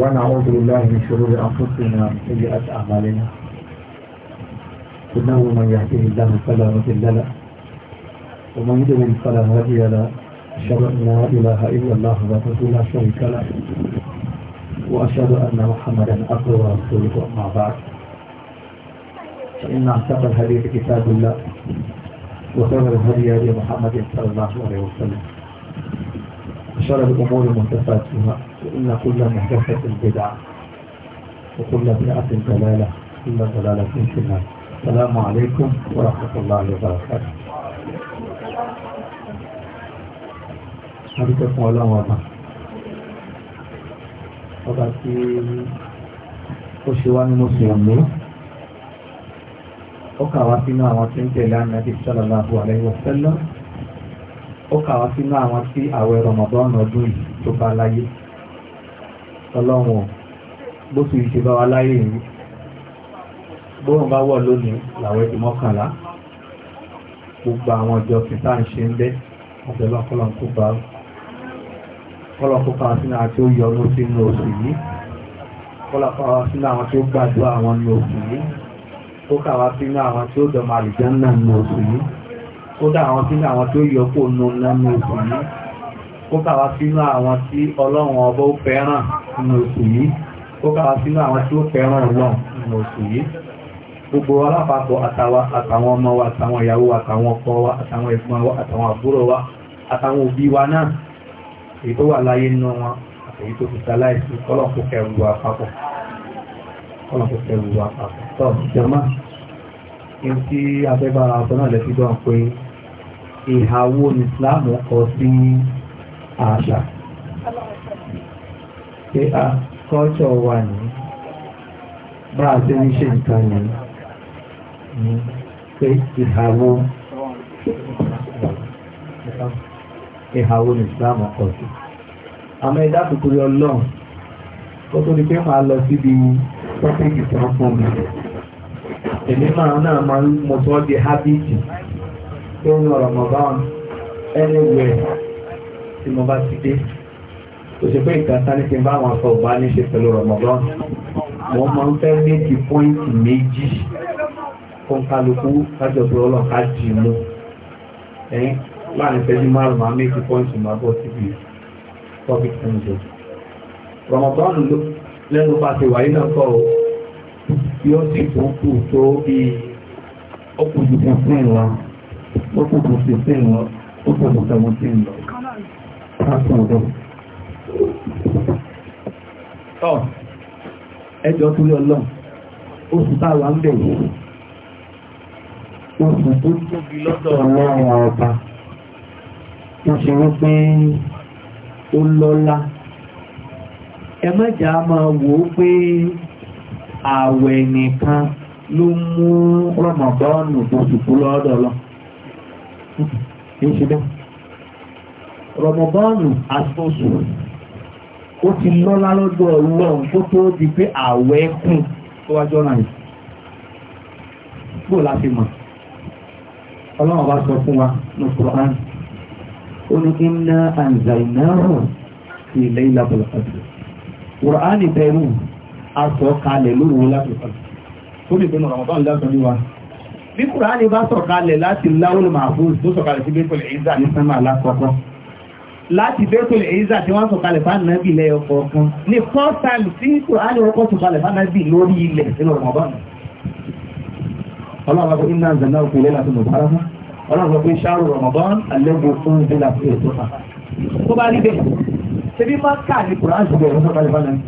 ونعوذ بالله من شرور أنفسنا ومن سيئات أعمالنا إنه من يهده الله فلا مضل له ومن يضلل فلا هادي له أشهد أن لا إله إلا الله وحده لا شريك له وأشهد أن محمدا عبده ورسوله أما بعد فإن أعتق الحديث كتاب الله وخير الهدي هدي محمد صلى الله عليه وسلم وشر الأمور محدثاتها فإن كل محدثة بدعة وكل بدعة دلالة كل دلالة في النار السلام عليكم ورحمة الله وبركاته أبي تكون ولا وضع وضع في وشوان مسلم لي وكواتنا تلان نبي صلى الله عليه وسلم وكواتنا وطن أول رمضان وجوي تبالي ọlọ́run bó ti ṣe bá wa láyé yìí bóun bá wọ̀ lónìí làwọn ẹbí mọ́kànlá gbogbo àwọn ọjọ́ kìtà ń ṣe ń bẹ́ àbẹ̀lọ́ kọ́lọ̀kọ́pá sínú àti ó yọ lóṣì ní oṣù yìí kọ́lọ̀kọ́pá sínú àwọn tí ó gbàdúrà àwọn ní oṣù yìí ó kàwá sínú àwọn tí ó dọ̀mọ̀ àlìjẹ́ náà ní oṣù yìí ó dá àwọn sínú àwọn tí ó yọ kó nù náà ní oṣù yìí ó kàwá sínú àwọn tí ọlọ́run ọba ó fẹ́ràn nínú oṣù yìí ó kàwá sínú àwọn tí ó fẹ́ràn ọlọ́run nínú oṣù yìí gbogbo alápapọ̀ àtàwọn ọmọ wa àtàwọn ìyàwó wa àtàwọn ọkọ wa àtàwọn ẹ̀gbọ́n wa àtàwọn àbúrò wa àtàwọn òbí wa náà èyí tó wà láyé nínú wọn èyí tó fi sáláìsí kọ́lọ̀ kó kẹrù wa papọ̀ kọ́lọ̀ kó kẹrù wa papọ̀ tọ́ ìjọba in tí afẹ́bára ọ̀tọ́ náà lẹ́sí gbọ́n pé ìhàwó ìsìláàmù kọ sí àṣà pé a kọ́ọ̀tọ̀ wà ní bá a ti ń ṣe nǹkan ní pé ìhàwó ìhàwó ní Islam ọkọ̀ àmọ́ ẹ̀dá kúkúrú ọlọ́run ó tó di pé máa lọ síbi tọ́pìkì tí wọ́n fún mi èmi máa náà máa ń di tó ń tí mo bá ti dé kò sí pé ìtàtà ní kí n bá wọn sọ ọba ní ṣe pẹ̀lú Ramadan mo máa ń fẹ́ méjì pọ́ìntì méjì fún kálukú lájọ pé ọlọ́ka jì mú ẹ̀yìn láàrin ìṣẹ́jú márùn-ún máa méjì pọ́ìntì máa bọ́ síbi public transit Ramadan lẹ́nu bá ti wáyé náà kọ́ ọ yóò sì tún kù tó bíi ó kù ju fifteen lọ ó kù ju fifteen lọ ó kù ẹjọ́ tó yọ lọ oṣù táwà ń bẹ̀rẹ̀ oṣù tó tóbi lọ́dọ̀ ọlọ́run ọba tó ṣe wípé ó lọ́lá ẹ mẹ́jà máa wò ó pé ààwẹ̀ nìkan ló mú rọ̀mọ̀bọ́ọ̀nù oṣù tó lọ́dọ̀ lọ kì ṣe bẹ́ẹ̀ rọmọbọ́ọ̀nù àtúnṣù ó ti lọ́lá lọ́dọ̀ ọlọ́run kó tó di pé ààwẹ̀ kùn tó wájọ́ náà yìí bó láti mọ̀ ọlọ́run bá sọ fún wa ní Qur'an ó ní inna anzalnahu fi laylatil qadr Qur'an ìbẹ̀rù aṣọ kalẹ̀ lóru láti pàdé tó lè gbẹ́nu rọmọbọ́ọ̀nù lásán ní wa bí Qur'an bá sọ kalẹ̀ láti láwùl mahfuz tó sọ sí bẹ́ẹ̀ pẹ̀lú ìzà ní sánmà alákọ̀ọ́kọ́ láti bẹ́tò lè ìzà tí wọ́n sọ̀kalẹ̀ fún ànábì lẹ́yọ kọ̀ọ̀kan ní first time tí Kùránì ọkọ̀ sọ̀kalẹ̀ fún ànábì lórí ilẹ̀ sínú Ramadan ọlọ́run ọkọ̀ iná zanna òkú ilé láti mọ̀bára fún ọlọ́run ọkọ̀ ṣáàrù Ramadan alẹ́gbò fún ìdílà fún ètò fà tó bá rí bẹ́ẹ̀ ṣe bí má kà ní Kùránì sọ̀kalẹ̀ sọ̀kalẹ̀ fún ànábì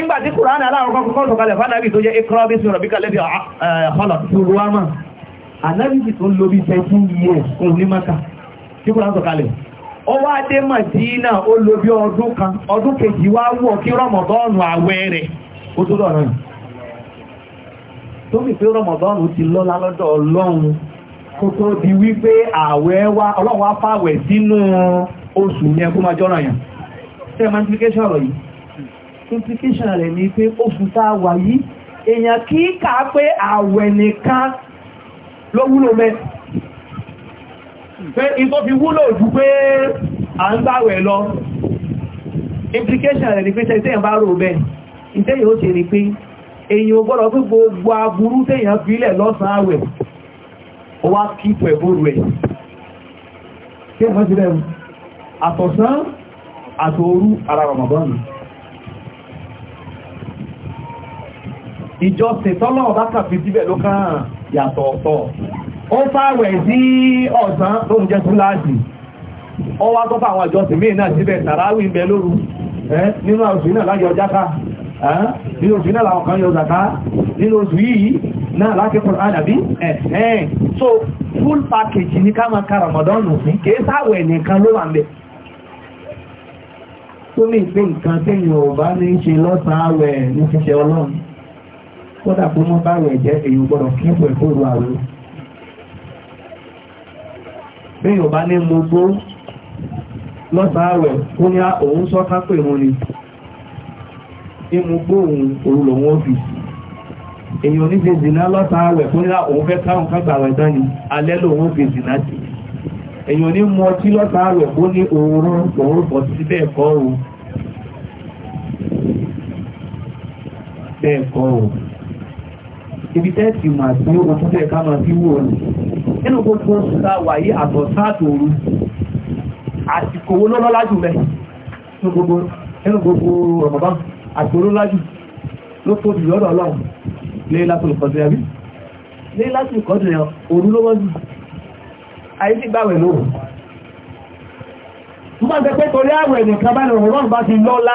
ìgbà tí Kùránì aláwọ̀kọ́ kọ́kọ́ sọ̀kalẹ̀ fún tí kúrò sọ kalẹ̀ ó wá dé Mádínà ó lò bí ọdún kan ọdún kejì wá wọ̀ kí rọmọdọ́ọ̀nù àwẹ̀ rẹ̀ ó tó dọ̀nà tó fi pé rọmọdọ́ọ̀nù ti lọ́lá lọ́dọ̀ ọlọ́run kó tó di wípé àwẹ̀ wá ọlọ́run wá fàwẹ̀ sínú oṣù yẹn kó máa jọ́ràn yàn tẹ́ẹ̀mọ́ implication ọ̀rọ̀ yìí implication rẹ̀ ni pé oṣù tá a wà yìí èèyàn kì í kà á pé àwẹ̀ nìkan ló wúlò mẹ́ pé in tó fi wúlò jù pé à ń gbàwẹ̀ lọ implication rẹ̀ ni pé tẹ́yàn bá rò bẹ́ẹ̀ ìtẹ́yàn ó ṣe ni pé èyàn ò gbọ́dọ̀ pé gbogbo aburú tẹ́yàn fílẹ̀ lọ́sàn àwẹ̀ ó wá kí pẹ̀bórú ẹ̀ àtọ̀sán àtòrú ara Ramadan ìjọsìn tọ́lọ̀ bá kàfí síbẹ̀ ló kàn yàtọ̀ ọ̀tọ̀ ó fàwẹ̀ sí ọ̀sán tó ń jẹ́ fúláàsì ó wá tó fà àwọn àjọsìn míì náà síbẹ̀ tàràwì ń bẹ lóru nínú oṣù náà láyọ jáká nínú oṣù náà làwọn kan yọ zàká nínú àdàbí so full package ní ká máa ka Ramadan sí kìí sáwẹ̀ nìkan ló wà ń bẹ̀ bí yóò ní mo gbó lọ́sàáwẹ̀ ní ah, sọ kápẹ̀ ìrún ni ìmú gbó ohun òun lòun èyàn ní ṣe zìnà lọ́sàáwẹ̀ ó ní ah, òun fẹ́ káwọn kágbàwẹ̀ dání alẹ́ lòun fi ibi tẹ́ẹ̀tì nínú gbogbo ṣùgbà wàyí àtọ̀sáàtò òru àsìkò owó lọ́lọ́lájú rẹ̀ nínú gbogbo Ramadan àsìkò lọ́lọ́lájú ló tó jù lọ́dọ̀ ọlọ́run lé látòlù kọ́dù ẹ̀rí lé látòlù kọ́dù ẹ̀ òru ló wọ́n jù ayé sì gbàwẹ̀ lóru mo máa ń sọ pé torí àwẹ̀ nìkan bá lọ́rọ̀ rọ́n bá ti lọ́lá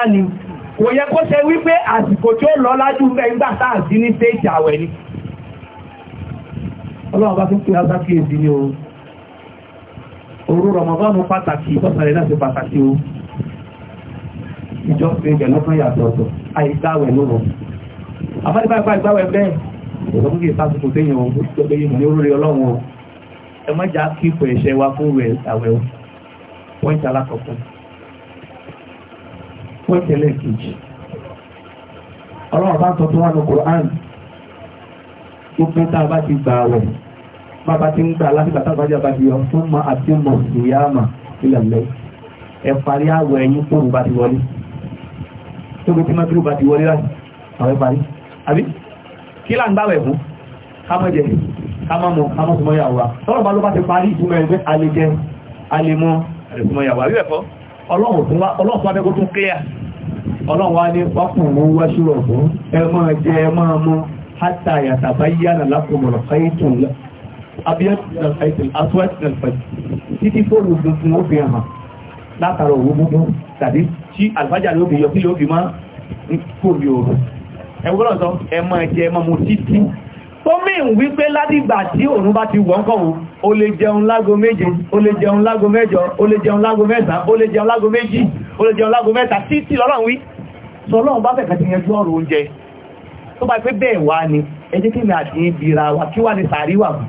ni ọlọ́run bá tún pé ásá kí èsì ní oòrùn òru rọmọbọ́nù pàtàkì ìtọ́sàlẹ̀ náà ṣe pàtàkì o ìjọ pé ìjọ lọ́kàn yàtọ̀ ọ̀tọ̀ àìgbáwẹ̀ lóòrùn àmọ́dé bá ìgbáwẹ̀ bẹ́ẹ̀ ọ̀sọ̀ fún kí ìsásùkò téèyàn ò gbé yìí ní orí ọlọ́run o ẹ mọ́jà kí ipò ẹ̀ṣẹ̀ wa fún rẹ̀ àwẹ̀ o pọ́ǹtì alákọ̀ọ́kọ́ pọ́ǹtì ẹlẹ́ẹ̀kejì ọlọ́run bá ń sọ tó wà ní Kùránì gbogbo tá a bá ti gbà àwẹ̀ bàbá ti ń gbà láti bàtà bàjá bá fi yọ fún ma àti mọ̀ ìyá àmà ilẹ̀ lẹ́ ẹ parí àwọ̀ ẹ̀yìn tóru bá ti wọlé tóru tí mọ́tò bá ti wọlé láti àwẹ̀ parí àbí kí là ń gbàwẹ̀ fún ká mọ̀ jẹ ká mọ̀ mọ̀ ká mọ̀ súnmọ́ ìyàwó wa tọ́rọ̀ bá ló bá ti parí ìtumọ̀ ẹgbẹ́ alẹ́ jẹ alẹ́ mọ́ alẹ́ súnmọ́ ìyàwó àbí ẹ̀fọ́ ọlọ́run fún ẹ máa abiyat al-aitil aswad al-fajr títí fóònù tuntun ó fi hàn látara òwú gbogbo tàbí tí alifájà ló fi yọ kí ló fi máa ń kóbi òru ẹgbọ́n sọ ẹmọ ẹ̀jẹ̀ ẹmọ mu títí tó mìí wípé ládìgbà tí òun bá ti wọ́n kọ̀wọ́ o lè jẹun lágo méje o lè jẹun lágo mẹ́jọ o lè jẹun lágo mẹ́sàn o lè jẹun lágo méjì o lè jẹun lágo mẹ́ta títí lọ́rọ̀ wí sọlọ́run bá fẹ̀kà ti yanjú ọ̀rọ̀ oúnjẹ tó bá pé bẹ́ẹ̀ wá ni ẹ jẹ́ kí mi àti ìbìra wa kí wá ni sàárì wà fún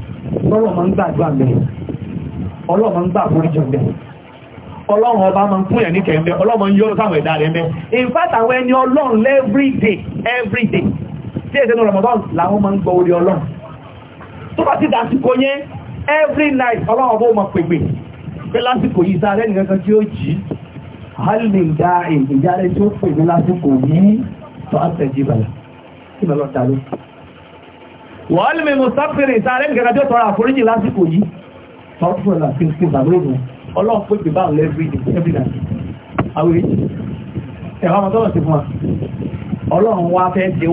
Ọlọ́run máa ń gbàdúrà mẹ́. Ọlọ́run máa ń gbà fún ìjọ mẹ́. Ọlọ́run ọba máa ń fún ẹ̀ ní kẹ̀mẹ́. Ọlọ́run máa sáwọn ẹ̀dá rẹ̀ mẹ́. In fact, àwọn ẹni Ọlọ́run every day, every day. Tí èsẹ́ ní Ramadan làwọn máa ń gbọ́ orí Ọlọ́run. Tó bá ti dàsìkò yẹn, every night Ọlọ́run ọba ó máa pèpè. Pé lásìkò yìí sáré nìkan kan tí ó jì í. Hálì wọ́n lè mú sáfẹ́rẹ̀ ìsáre nìkẹ́kẹ́ tó tọrọ àforíjì lásìkò yìí tọ́tún ọ̀nà sí sí ìbàmọ́lòdùn ọlọ́run pé jù bá ń lẹ́bí ìdíkẹ́bìnà àwọn èyí ẹ̀wà ọmọ tọ́rọ̀ sí fún wa ìtọ́lọ̀ tó bí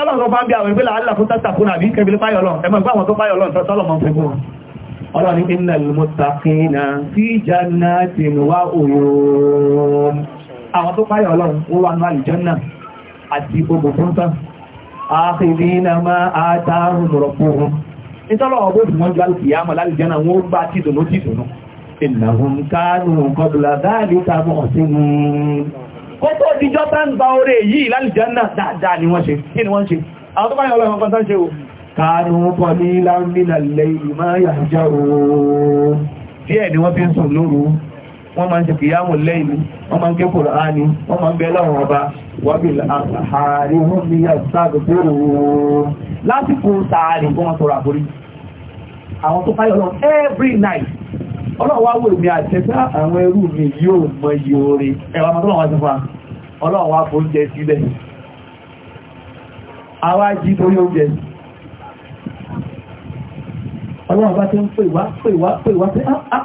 àwọn ìpínlẹ̀ àdìlà fún tàtà kẹbílẹ̀ páyọ̀ lọ ẹmọ ìgbà àwọn tó páyọ̀ lọ tọ́lọ̀ mọ́ fẹ́ fún wọn ọlọ́run ní innal muttaqina fi jannatin wa uyun àwọn tó páyà ọlọ́run ó wà ní àlìjọ́nà àti ogun fún tán àkìrí iná máa àtàrùn mọ̀rọ̀pọ̀ ohun nítọ́lọ̀ ọgbọ́ ìfún wọn jálù kìyàmọ̀ lálìjọ́nà wọn ó gbá tìdùnú tìdùnú ìlàhùn káàrùn kọdùlà dáàlì tàbí ọ̀sìn kó tó díjọ́ tá ń gba oore yìí lálìjọ́nà dáadáa ni wọ́n ṣe kí ni wọ́n ṣe àwọn wọ́n máa ń ṣe kìyàmù lẹ́yìn wọ́n máa ń ké kùránì wọ́n máa ń bẹ lọ́wọ́ ọba wọ́bí àárí wọ́n bí àṣàgbòrò lásìkò tààrí wọ́n máa tọrọ àforí àwọn tó fáyọ̀ lọ́n every night ọlọ́run wá wò mí àtẹ́sẹ́ ah, àwọn ẹrú mi yóò mọ iye oore ẹwà máa tọ́lọ̀ wa ọlọ́run wá fóúnjẹ sílẹ̀ àwa jí torí oúnjẹ ọlọ́run bá ti ń pè wá pè wá pè ah, ah,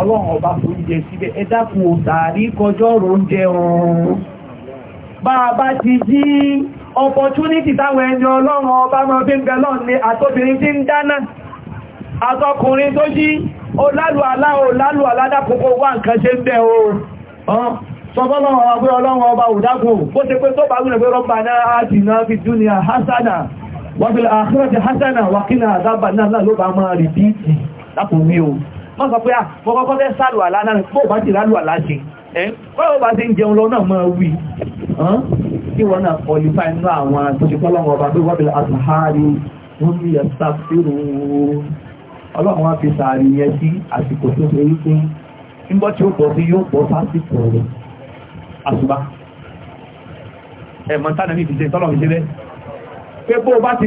ọlọ́run ọba fún oúnjẹ síbẹ̀ ẹ dákun ò tààrí kọjọ́ oúnjẹ ọ̀run bá a ti jí opportunity táwọn ẹni ọlọ́run ọba máa fi ń bẹ lọ́n ní àtobìnrin tí ń dáná àtọkùnrin tó jí ó lálù àlá ò lálù àlá dákòókò wà nǹkan ṣe ń bẹ o sọfọ́lọ́run ọba pé ọlọ́run ọba ò dákun ó ṣe pé tó bá gúnlẹ̀ pé rọ́bà náà á ti náà fi dúnìyà hasana wọ́n fi àkírọ̀tì hasana wákínà àdábà náà ló bá máa rìpíìtì lápò mí o má sọ pé àfọkọ́kọ́ ah, fẹ́ sàlù àlá náà fó bá ti rálù àlá ṣe báwo bá ti ń jẹun lọ náà máa wí kí wọ́n náà kọlifá inú àwọn àtúnṣekọ́lọ́wọ́ ọba pé wọ́bìlá àtàhárí wọ́n ní ẹ̀sà fèrò ọlọ́run wá fi sàárì yẹn sí àsìkò tó ṣe wípé nígbọ́ tí ó bọ̀ sí yóò bọ̀ sásìkò rẹ̀ àṣùbá ẹ̀mọ́ tánà ní ìfìṣẹ́ tọ́lọ̀ ìṣẹ́ rẹ̀ pé bó bá ti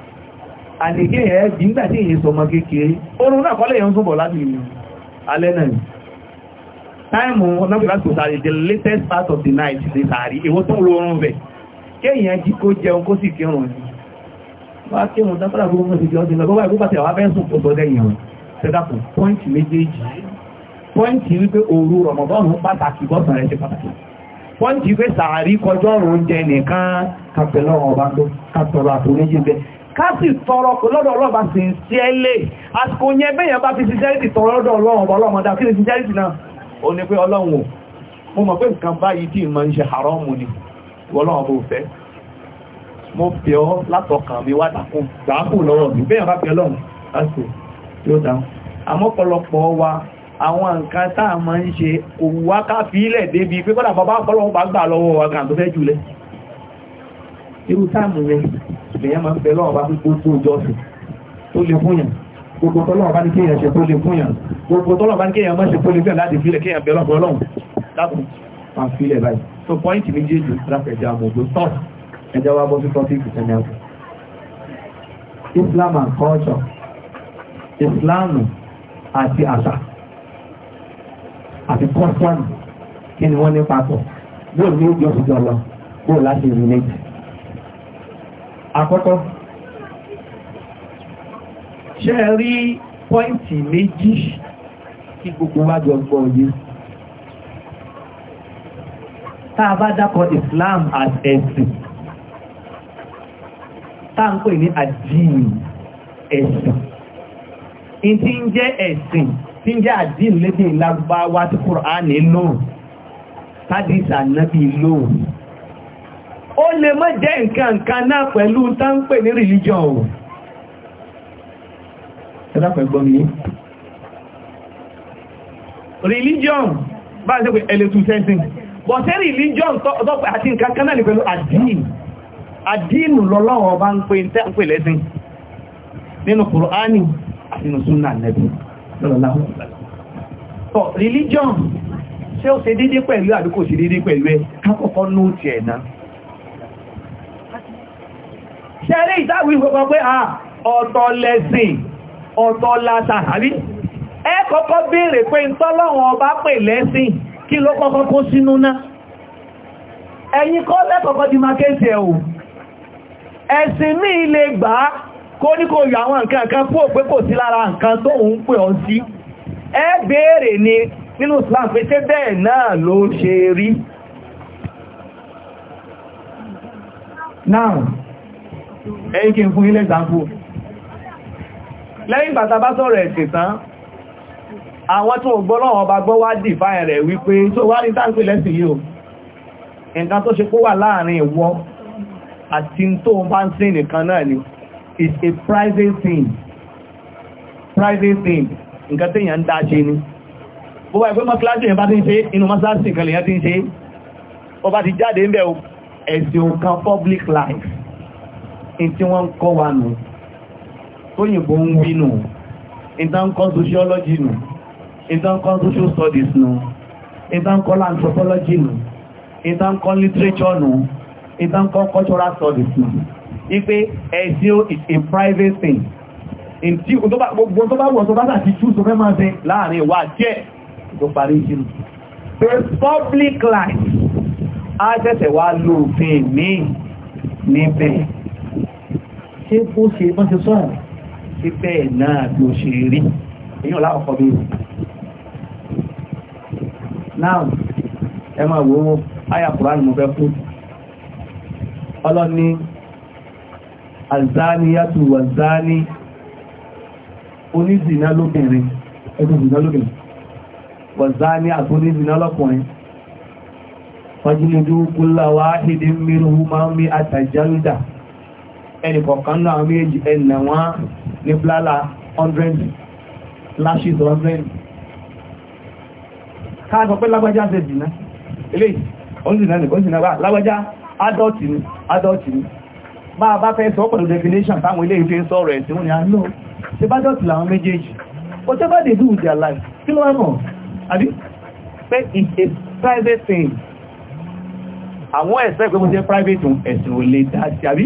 àníké ẹ̀ dìgbà tí èyí sọmọ kékeré oorun náà kọ́lẹ̀ yẹn ń súnbọ̀ láti alẹ́ náà táìmù ọ̀nàbìláṣì kò sàárì the latest part of the night ti sàárì èwo tó ń lo oorun bẹ̀ kéèyàn jí kó jẹun kó sì kírun ni wá kírun dákọ́lá gbogbo mọ́ sí jọ́ sí lọ gbogbo àgbógbà tí àwọn abẹ́sùn tó sọ́dẹ̀ yẹn sẹ́dàkù pọ́ìntì méjèèjì pọ́ìntì wípé òru rọ̀mọ̀bọ́ọ̀nù pàtàkì bọ́sàn rẹ̀ ṣe pàtàkì pọ́ìntì wípé sàárì kọjọ́ oúnjẹ nìkan kásì tọrọ kò lọ́dọ̀ ọlọ́ba sì ń sí ẹ́lẹ̀ àsìkò yẹn bẹ́yàn bá fi sincerity tọrọ lọ́dọ̀ ọlọ́run ọba ọlọ́run ọdá kí ni sincerity náà ó ní pé ọlọ́run ò mo mọ̀ pé nǹkan báyìí tí ìmọ̀ ń ṣe haramu ni ọlọ́run ọba ò fẹ́ mo pè ọ́ látọkàn mi wá dákun gbàákù lọ́wọ́ mi bẹ́yàn bá pè ọlọ́run àsìkò yóò dá àmọ́ ọ̀pọ̀lọpọ̀ wa àwọn nǹkan tá a máa ń ṣe òwúwá ká fi ilẹ̀ débi pé kọ́dà bàbá ọ̀pọ̀lọpọ̀ bá gbà lọ́wọ́ wa gan tó fẹ́ irú táàmù yẹn lèyàn máa ń bẹ lọ́wọ́ bá gbogbo ìjọsìn tó lè fún yàn gbogbo tọ́lọ́wọ́ bá ní kéèyàn ṣe tó lè fún yàn gbogbo tọ́lọ́wọ́ bá ní kéèyàn má ṣe tó lè fún yàn láti fílẹ̀ kéèyàn bẹ lọ́wọ́ ọlọ́run lákùn máa fílẹ̀ báyìí so point méjèèjì ráfẹ̀jà àmọ̀gbò tọ́ọ̀tù ẹjọ́ wa bọ́ sí tọ́tù ìfìsẹ́ni àgbà Islam and culture Islam àti àṣà àti custom kí ni wọ́n ní papọ̀ bóòlù ní ìjọsìn jọ lọ bóòlù láti relate àkọ́kọ́ ṣe rí pọ́ìntì méjì tí gbogbo wa jọ gbọ́ yìí táa bá dákọ̀ Islam as ẹ̀sìn táa ń pè ní àdínì ẹ̀sìn in tí ń jẹ́ ẹ̀sìn tí ń jẹ́ àdínì lédè Lárúbáwá tí Kùránì lóòrùn tádìsà náà bí lóòrùn ó lè mọ́ jẹ́ nǹkan nǹkan náà pẹ̀lú tánpẹ̀ ní religion religion bá ṣe pé ẹlẹ́tù sẹ́sìn religion tọ́pẹ̀ àti nǹkan kan náà ní pẹ̀lú àdín àdínù lọ́lọ́wọ́ bá ń pè tẹ́ǹpẹ̀ lẹ́sìn nínú Kùránì àti nínú religion ṣé ó ṣe dédé pẹ̀lú àdúkò ṣe dédé pẹ̀lú ẹ kákọ̀ọ́kọ́ nóòtì ẹ̀nà ṣẹ́rí ìtàwí gbogbo pé à ọ̀tọ̀ lẹ́sìn ọ̀tọ̀ lásà àbí ẹ kọ́kọ́ béèrè pé ń tọ́lọ́wọ́n ọba pè lẹ́sìn kí ló kọ́kọ́ kó sínú náà ẹ̀yin kọ́ lẹ́kọ̀ọ́kọ́ di makéèsì ẹ̀ o ẹ̀sìn ní ilé gbà á kó ní kò yọ àwọn nǹkan kan fún òpé kò sí lára nǹkan tó ń pè ọ ni nínú Islam pé tẹ́ bẹ́ẹ̀ náà ló ṣe now ẹ̀yìn kí n fún ilẹ̀ ìsànkú lẹ́yìn bàtà bá sọ̀rọ̀ ẹ̀sìn tán àwọn tó gbọ́lọ́wọ́ bá gbọ́ wá dìfáìn rẹ̀ wípé tó wá ní táǹkì lẹ́sìn yìí o nǹkan tó ṣe kó wà láàrin ìwọ àti tó bá ń sí nìkan náà ni It's a private thing private thing nǹkan tí èèyàn ń dá ṣe ni gbogbo ẹgbẹ́ mọ́ kíláṣì yẹn bá ti ń ṣe inú mọ́sáàsì kan lèyàn ti ń ṣe ó bá ti jáde ń bẹ̀ ẹ̀sìn òkan public life in tí wọ́n ń kọ́ wa nù tóyìnbó ń wí nù ìdánkọ́ sociology nù ìdánkọ́ social studies nù ìdánkọ́ anthropology nù ìdánkọ́ literature nù ìdánkọ́ cultural studies nù ipé ẹ̀sí o is a private thing in tí gbogbo tó bá wọ̀ tó bá sàti tú so fẹ́ máa ṣe láàrin ìwà jẹ́ tó parí ìṣirò public life á tẹ́sẹ̀ wá lóòfin ní níbẹ̀ ṣé bó ṣe bọ́n ṣe sọ́rọ̀ sí bẹ́ẹ̀ náà bí ó ṣe rí èyàn láàkọ́ bí rù náà ẹ máa wo àyà Kùránì mo fẹ́ fún ọlọ́ni alzaniyatu wazani onízìnà lóbìnrin ẹgbẹ́ lóbìnrin wazani àti onízìnà lọ́kùnrin fajlidu kulla wahidin minhuma mi'ata jaldah ẹnìkọ̀ọ̀kan náà àwọn méjì ẹ̀nà wọn ní blala 100 lashes 100 káàkọ̀ pé lágbájá ṣe dìná ilé oúnjìnà nìkan oúnjìnà wà lágbájá adult ni adult ni bá a bá fẹ́ sọ pẹ̀lú definition táwọn ilé ìfẹ́ sọ̀rọ̀ ẹ̀sìn wọn ni a ah, ń lò ṣe bá dọ̀tí làwọn méjèèjì whatever they do with their life kí ló ẹ̀mọ̀ àbí pé it's a private thing àwọn ẹ̀sẹ́ pé mo jẹ́ private ẹ̀sìn ò lè dá sí àbí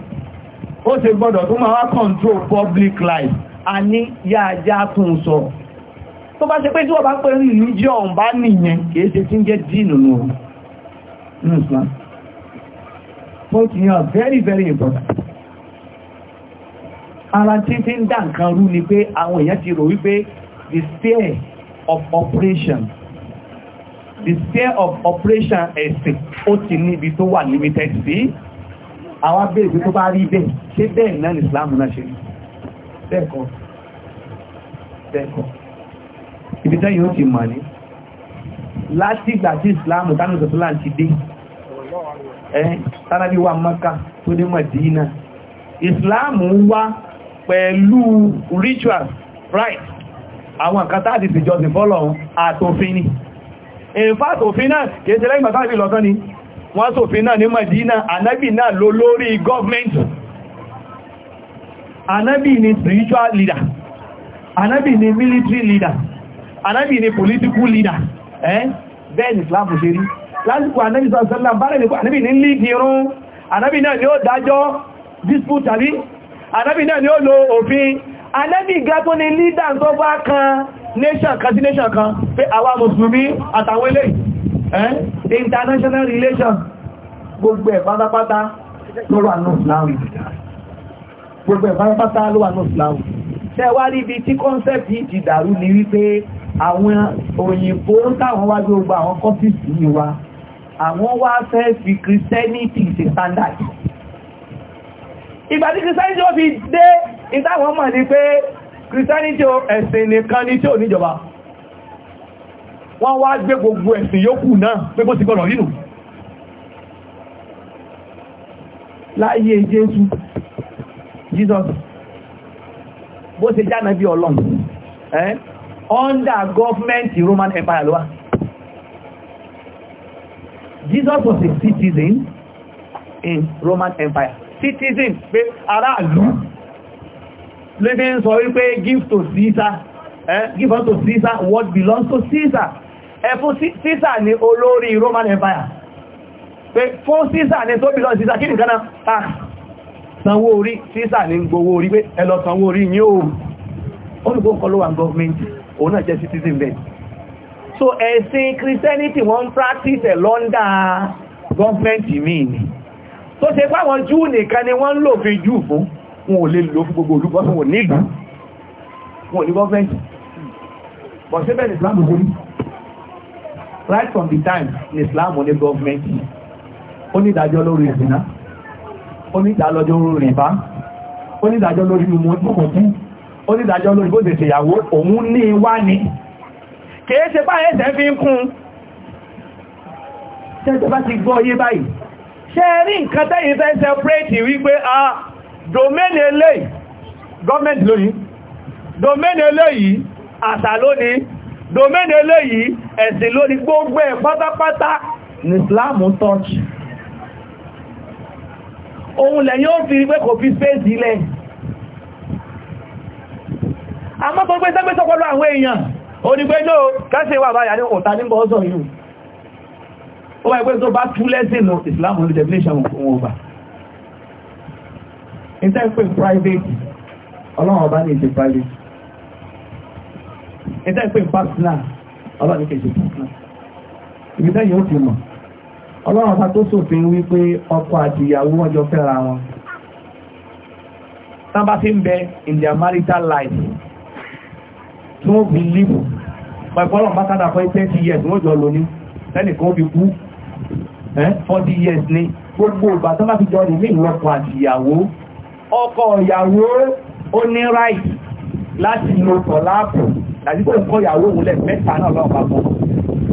ó ṣe gbọ́dọ̀ tó máa wá control public life a ní yáajá tún sọ tó bá ṣe pé tí wọ́n bá pẹ̀lú religion bá nìyẹn kìí ṣe tí ń jẹ́ dínú nù Islam point yẹn very very important ara tí tí ń dá nǹkan rú ni pé àwọn èèyàn ti rò wípé the sphere of operation the sphere of operation ẹ̀sìn ó ti níbi tó wà limited sí àwọn abẹ́ẹ̀sì tó bá rí bẹ́ẹ̀ ṣé bẹ́ẹ̀ náà ní Islam náà ṣe bẹ́ẹ̀kọ́ bẹ́ẹ̀kọ́ ibi tẹ́ yóò ti mọ̀ ní láti ìgbà tí Islam tánà ìsọ̀tọ́lá ti dé ẹ́ tánàbí wà Mọ́kà tó Islam wá pẹ̀lú ritual right àwọn kan táàdì ìjọsìn fọ́lọ̀ àtòfin ni in fact òfin náà kìí ṣe lẹ́yìn bàtàbí lọ́tọ́ ni wọ́n ṣòfin náà ní Madina anábì náà ló lórí gọ́ọ̀mẹ́ntì anábì ni spiritual leader anábì ni military leader anábì ni political leader eh? bẹ́ẹ̀ ni Islam ṣe rí lásìkò anábì sọ́sọ́lá bára ní anábì ní lead irun anábì náà ni ó dájọ́ dispute tàbí anábì náà ni ó lo òfin anábì gẹ́gọ́ ni leader tó bá kan nation kan sí nation kan pé àwa mùsùlùmí àtàwọn eléyìí Eh? international relation, gbogbo ẹ̀ pátápátá lọ́rọ̀ àánú ìsìláàmù gbogbo ẹ̀ pátápátá lọ́rọ̀ àánú ìsìláàmù tẹ́ wá rí ibi tí concept yìí ti dàrú ni wípé àwọn òyìnbó táwọn wá gbogbo àwọn kọ́fíìsì yìí wá àwọn wá fẹ́ fi christianity ṣe standard ìgbà tí christianity ó fi dé ìtàwọn mọ̀ ní pé christianity ẹ̀sìn nìkan ni tí ò níjọba wọ́n wá gbé gbogbo ẹ̀sìn yókù náà pé bó ti gbọ́nà rínú láyé Jésù Jesus bó ṣe jáná bí ọlọ́n eh under government Roman Empire ló Jesus was a citizen in Roman Empire citizen pé aráàlú lébé ń sọ wípé give to Caesar eh give unto Caesar what belongs to Caesar ẹfún Caesar ní olórí Roman Empire pé fún Caesar ní tó bí lọ Caesar kí nìkan náà ah sanwó orí Caesar ní gbowó orí pé ẹlọ sanwó orí yí o olùgbò kan ló wà gọ́ọ̀mẹ́ntì òun náà jẹ́ citizen bẹ́ẹ̀ so ẹ̀sìn Christianity wọ́n practice ẹ̀ lọ́ndà government mean. ni tó ṣe pàwọn Júù nìkan ni wọ́n ń lò fi Júù fún wọn ò lè lò fún gbogbo olúgbọ́n wọn nílùú wọn ní right from the time in Islam ní gọ́ọ̀mẹ́ntì ó ní ìdájọ́ lórí ìsìná ó ní ìdájọ́ lórí ìbá ó ní ìdájọ́ lórí ìmọ̀kùnkùn ó ní ìdájọ́ lórí bóde ṣèyàwó òun ní wá ní kìí ṣe bá ẹ̀ṣẹ̀ fi ń kún ṣẹ́ṣẹ́ bá ti gbọ́ yé báyìí ṣe rí nǹkan tẹ́yìn fẹ́ separate wípé a domain eléyìí domain eléyìí ẹ̀sìn lórí gbogbo ẹ̀ pátápátá ní islamu touch ohun lẹ̀ yóò fi pé kò fi space ilẹ̀ àmọ́ gbogbo ìsẹ́gbẹ́sọ́pọ̀lọ́ àwọn èèyàn onígbẹ́jọ́ kẹsẹ̀ wà báyà ní ọ̀tá ní bọ́ọ̀sọ̀ yìí ó wà ìpé tó bá tú lẹ́sìn nù islam on the definition wọn ọba in terms of private ọlọ́run ọba ní ìṣe private ẹ̀dá ìpé pàtínà ọlọ́run kejì pàtínà ibi tẹ́yìn ó ti mọ̀ ọlọ́run ọba tó ṣòfin wípé ọkọ àti ọjọ́ fẹ́ra wọn tábà ti ń bẹ in their marital life tí wọ́n fi live pẹ̀lú ọlọ́run bá sádà fún thirty years wọ́n jọ lóní tẹ́nìkan ó fi kú forty years ni gbogbo ìgbà tó bá fi jọ ní ìlú ọkọ àti ìyàwó ọkọ ìyàwó ó ní right láti lo tọ̀láàpù tàbí kó kọ́ ìyàwó òun lẹ̀ mẹ́ta náà lọ́wọ́ bá fún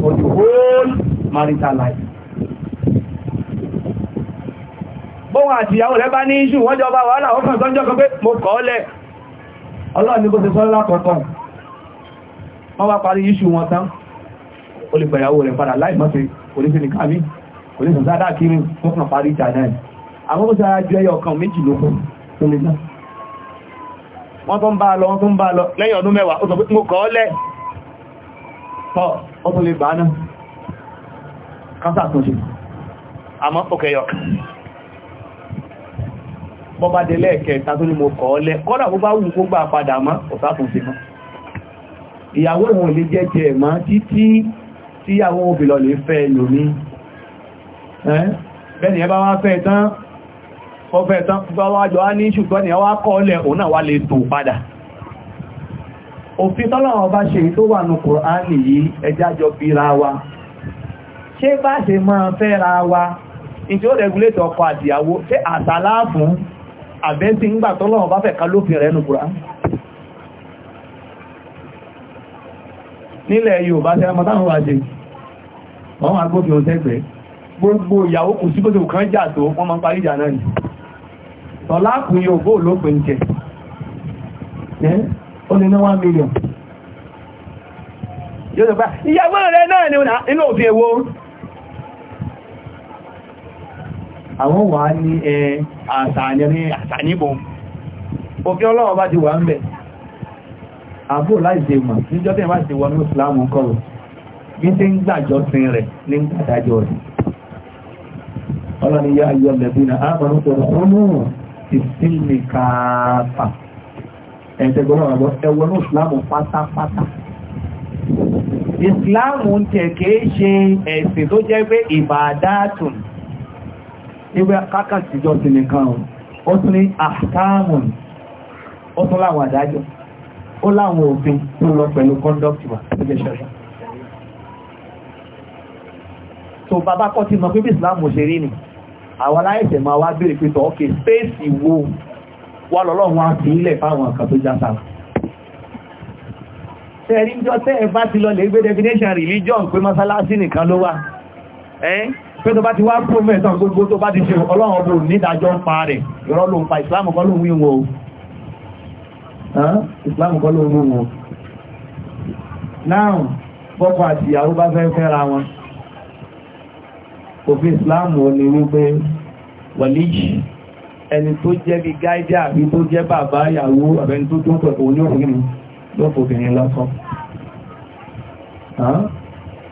for the whole marital life. bóhun àti ìyàwó rẹ̀ bá ní iṣu wọ́n jọ bá wàhálà wọ́n kàn sọ́njọ́ kan pé mo kọ́ lẹ̀ ọlọ́run ni kó ti sọ́lá kọ̀ọ̀kan wọ́n bá parí iṣu wọn tán ó lè gbẹ̀yàwó rẹ̀ padà láì mọ́sí kò ní sí ní káàmí kò ní sọ̀sádà kiri wọ́n kàn parí ìjà náà àwọn ó sára ju ẹyọ kan méjì lókun tó wọ́n tó ń bá lọ wọ́n tó ń bá lọ lẹ́yìn ọdún mẹ́wàá ó sọ pé mo kọ́ lẹ́ tọ́ ó tó lè bá náà kánsà tó ṣe àmọ́ òkèyọ̀kà bọ́bá dé lẹ́ẹ̀kẹta tó ní mo kọ́ lẹ́ kọ́dà bó bá wù kó gbà padà mọ́ òsàtúnṣe mọ́ ìyàwó ìwọ̀n lè jẹ́jẹ́ mọ́ títí tíyàwó obìlọ̀ lè fẹ́ lòmí bẹ́ni ẹ bá wá fẹ́ tán ọfẹ́ tán fọ́wájọ́ á ní ṣùgbọ́n ni wá kọ́ òun náà wà lè tò padà òfin tọ́lọ̀wọ́ bá tó wà ní Kùránì yìí ẹjájọ́ bí ra wa ṣé bá ṣe mọ́ fẹ́ ra wa ìjọ rẹ̀gúlétọ̀ ọkọ àtìyàwó ṣé àtàlá fún àbẹ́sí ńgbà tọ́lọ̀wọ́ bá fẹ́ gbogbo ìyàwó kù sí gbogbo kan jà tó wọ́n parí náà tọ́láàkù yóò bó lópin jẹ ó 1 million yóò sọ pé rẹ̀ náà ni inú òfin èwo àwọn wà ní ẹ àṣàníbò òfin mọ̀ níjọ́ bá ti wọnú ìsìlámù bí tí ń gbàjọ́ sin rẹ̀ ní gbàdájọ́ rẹ̀ ọlọ́ni yá ayọ́ lẹ́bí na ìsinmi kààfà ẹ̀ẹ́dẹ̀gbọ́n ọ̀rọ̀ ẹwọ ní ìsìláàmù pátápátá ìsìláàmù ń tẹ̀ kìí ṣe ẹ̀sìn tó jẹ́ pé ìbàdátùn nígbà kákàtìjọ́ sí nìkan ó tún ní àkàmùn ó tún láwọn àdájọ́ ó láwọn òfin tó lọ pẹ̀lú kọ́ndọ́kì wà nígbà ṣọ́ṣọ́ so bàbá kọ́ ti mọ̀ pé àwọn aláìsẹ̀ máa wá bèèrè pé tọ́ ókè spéèsì wo wà lọ́lọ́run á fi ilẹ̀ fáwọn nǹkan tó já sára tẹ́rí jọ tẹ́ ẹ bá ti lọ lè gbé definition religion pé mọ́sálásí nìkan ló wà ẹ́n pé tó bá ti wá prometon gbogbo tó bá ti ṣe ọlọ́run ọdún nídàjọ́ ń pa rẹ̀ ìrọ́ ló ń pa islam kọ́ ló ń wí wọn o islam kọ́ òfin ìsìláàmù ni wípé wàlíyì ẹni tó jẹ́ bí gáídé àbí tó jẹ́ bàbá ìyàwó àbẹni tó tó pẹ̀pẹ̀ òní òfin lọ́fòbìnrin lọ́kọ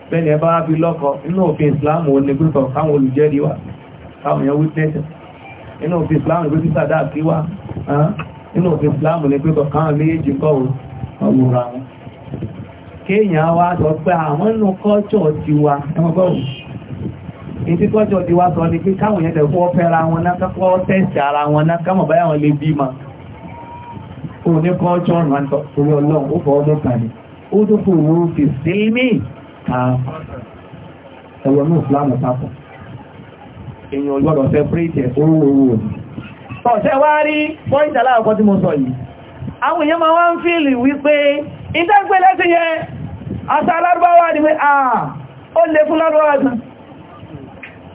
bẹ́ẹ̀ni ẹbá bí lọ́kọ inú òfin ìsìláàmù ni pípọ̀ káwọn olùjẹ́rí wà káwọn èèyàn wítẹ́sẹ̀ inú òfin ìsìláàmù ni pípọ̀ sádà sí wà inú òfin ìsìláàmù ni pípọ̀ káwọn méjì kọ́ ọ̀wùra wọn kéèyàn wá sọ pé àwọn inú ìtí kọ́jọ́ ti wá sọ ní pé káwọn yẹn tẹ̀kọ́ fẹ́ra wọn náà kọ́ tẹ́sì ara wọn náà kámọ̀ báyà wọn lè bí ma o ní kọ́jọ́ ọ̀nà orí ọlọ́run ó fọwọ́ mọ́ta ni ó tó kò wó fi sílmì ká ẹ̀wọ̀n ní ìfúlàmù papọ̀ èèyàn olùgbọ́dọ̀ fẹ́ pírítì ẹ̀ owó owó òní tọ̀tẹ́ wá rí pọ́ìntì aláàkọ́ tí mo sọ yìí àwọn èèyàn máa wá ń fíìlì wípé ìtẹ́gbẹ́lẹ́sì yẹn àṣà alárúbáwá ni pé àà ah, ó lè fún lárúbáwá tán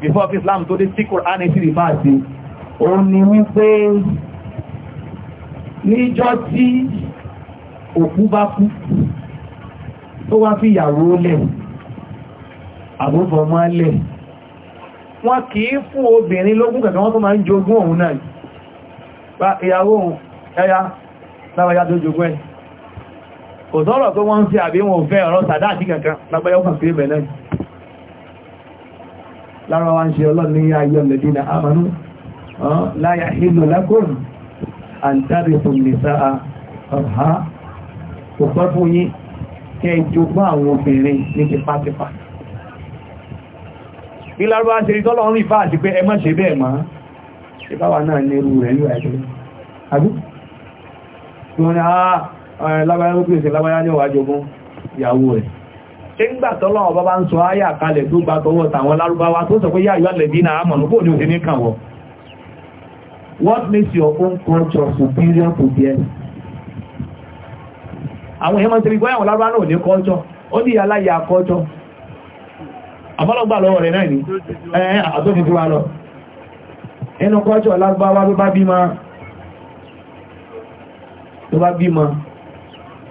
before Islam tó dé tí Kùránì sí rìfà sí Only ní wípé níjọ́ tí òkú bá kú tó wá fi ìyàwó lẹ̀ àbúfọ̀ máa lẹ̀ wọ́n kì í fún obìnrin lógún kẹ̀kẹ́ wọ́n tó máa ń jogún òun náà bá ìyàwó òun ẹya lábáyá tó jogún ẹ̀ kò sọ́rọ̀ tó wọ́n ń ṣe àbí wọn ò fẹ́ ọ̀rọ̀ sàdá àti lábáyá ó lára wa ń ṣe ọlọ́ni ayọ́ lẹ́dínà amánú láyà ìlú lákòrò àǹtàrí fún nìsá ọ̀há kò pẹ́ fún yín kẹ́ ìjọgbọ́n àwọn obìnrin ní tipátipá ìlàrú àṣẹ ìtọ́lọ̀ ń rí fà àti pé ẹ ṣe bẹ́ẹ̀ ṣe ń gbà ọba bá ń sọ ayà kalẹ̀ tó gbà tọwọ́ tàwọn lárúbáwá tó sọ pé yà yọ́ lẹ̀bí náà mọ̀nù bóò ní òsì ní kàn what makes your own culture superior to theirs àwọn èèyàn ti rí gbọ́ àwọn lárúbá náà ní culture ó ní aláyà culture lọ ẹnu culture lárúbáwá ló bá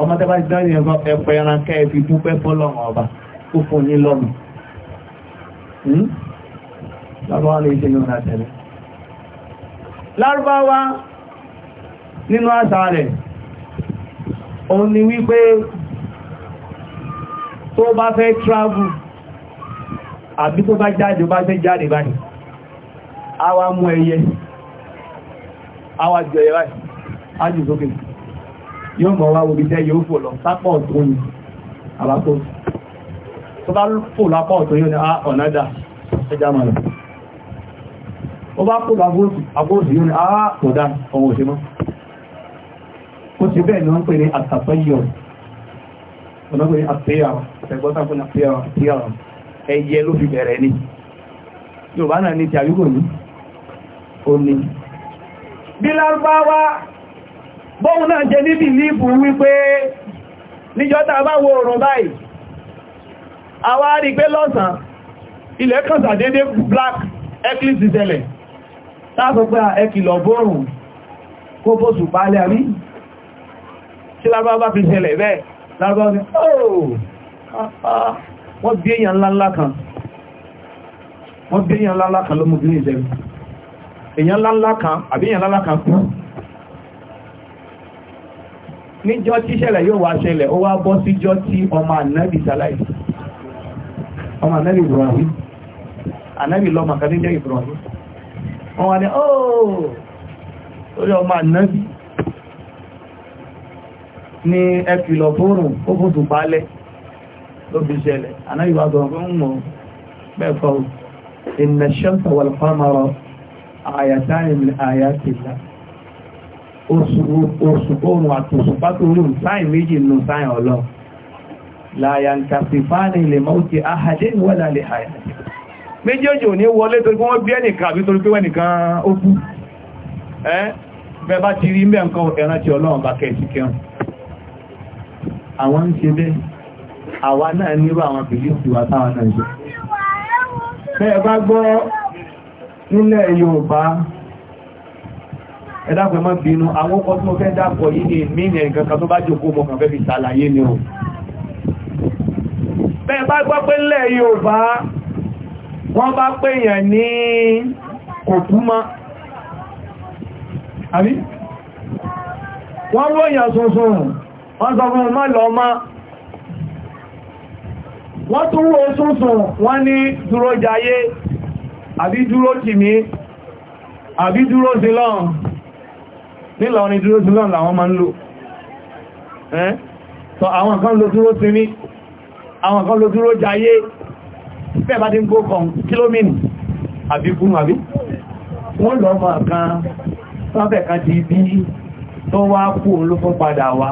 ọmọ tẹ́bá ti dánilẹ̀ ẹ̀pẹ̀ ẹran kẹ́ fi dúpẹ́ fọ́lọ́run ọba ó fún yín lọ́nà hmm? lárúbáwá lè ṣe yóò látẹ̀lẹ̀ lárúbáwá nínú àṣà rẹ̀ òun ni wípé tó bá travel àbí tó bá jáde bá fẹ́ jáde báyìí àwa mú ẹyẹ àwa jù ẹyẹ báyìí á jù sókè yóò mọ̀ wá oríṣẹ́ yóò fò lọ sápọ̀ tó ní àbákò tó bá fò lápọ̀ tó yóò ní ah, ọ̀nàdà ẹjá mọ̀ lọ ó bá fò lápòsí yóò ní àkọ̀dá ah, ọmọ òṣè mọ́ ó ti bẹ́ẹ̀ ni wọ́n pè ní àtàpẹ́yọ̀ ọ̀nàpẹ́ àpẹ́yà ẹyẹ ló fi ni yóò bá náà ní ti bóhun náà jẹ níbi lífù wípé níjọ́ta bá wo oòrùn báyìí àwa rí pé lọ́sàn ilẹ̀ kan sàdédé black eclipse ìṣẹ̀lẹ̀ táàkù pé ẹkìlọ̀ bóòrùn kó bóṣù pálẹ̀ àrí tí lábábá fi ṣẹlẹ̀ bẹ́ẹ̀ lábábá ní oh, wọ́n bí èyàn ńláńlá kan wọ́n bí èyàn ńláńlá kan ló mú bí ní ìṣẹ̀lẹ̀ èyàn ńláńlá kan àbí èyàn ńláńlá kan kú níjọ́ tí ṣẹlẹ̀ yóò wá ṣẹlẹ̀ ó wá bọ́ síjọ́ tí ọmọ ànábì sàláì ọmọ ànábì Ibrahim ànábì lọ́mọ kàdíjẹ́ Ibrahim wọ́n wá ní ooo orí ọmọ ànábì ní ẹkìlọ̀ fóòrùn ó fún tùpálẹ̀ ló fi ṣẹlẹ̀ ànábì wá sọ fún mọ̀ òṣùgbọ́n àtòṣùpá tó rí sáì méjì nù sáì ọlọ́ láyàntàfífáàní lè máa ti áhàdé wọ́lá lè àyà méjèèjì ò ní wọlé torí pé wọ́n bí ẹnìkan àbí torí pé wọ́n nìkan ó kú ẹ́ bẹ́ bá ti rí mẹ́ nǹkan ẹran ti ọlọ́run bá kẹ̀ẹ̀sì kẹrùn àwọn ń ṣe bẹ́ àwa náà nírò àwọn bìlífì wà ẹ̀dàpẹ̀ mọ́ bínú àwọn ọkọ̀ tí mo fẹ́ dápọ̀ yìí ni mínì ẹ̀kankan tó bá jòkó mọ̀ kàn fẹ́ fi ṣàlàyé ni o bẹ́ẹ̀ bá gbọ́ pé lẹ́ Yorùbá wọ́n bá pèèyàn ní kòkúmọ́ àbí wọ́n ròyìn sunsun wọ́n sọ fún ọmọ lọ́mọ́ wọ́n tún rò sunsun wọ́n ní dúró jayé àbí dúró tìmí àbí dúró sílọ́n nílọ orin dúró sí lọ́nà àwọn máa ń lò ẹ́ sọ àwọn kan ló dúró sí ní àwọn kan ló dúró jayé pẹ́ bá ti ń gbókan kílómínì àbí gún àbí wọ́n lọ mọ̀ kan sáfẹ́ kan ti bí tó wá kú ló fún padà wá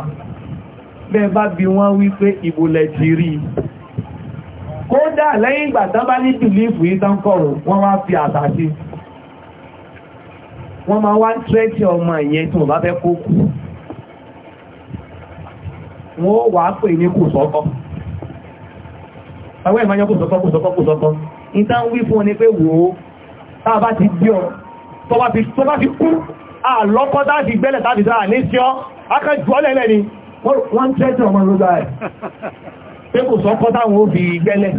bẹ́ẹ̀ bá bí wọ́n wípé ìbòlẹ̀ ti rí kódà lẹ́yìn ìgbà tán bá ní wọ́n máa wá tírẹ́tì ọmọ ìyẹn tí wọ́n bá fẹ́ kó kú wọ́n wà pè ní kò sọ́kọ́ àwọn ìmọ̀ kò sọ́kọ́ kò sọ́kọ́ kò sọ́kọ́ ìta ń wí fún ní pé wò ó tàà bá ti bí ọ tó bá fi kú àlọ́kọ́ dáàdì gbẹ́lẹ̀ tàbí sáà ní sí ọ́ akẹ́jù ọlẹ́lẹ́ ni wọ́n tẹ́jọ ọmọ ló dáa pé kò sọ́kọ́ táwọn ó fi gbẹ́lẹ̀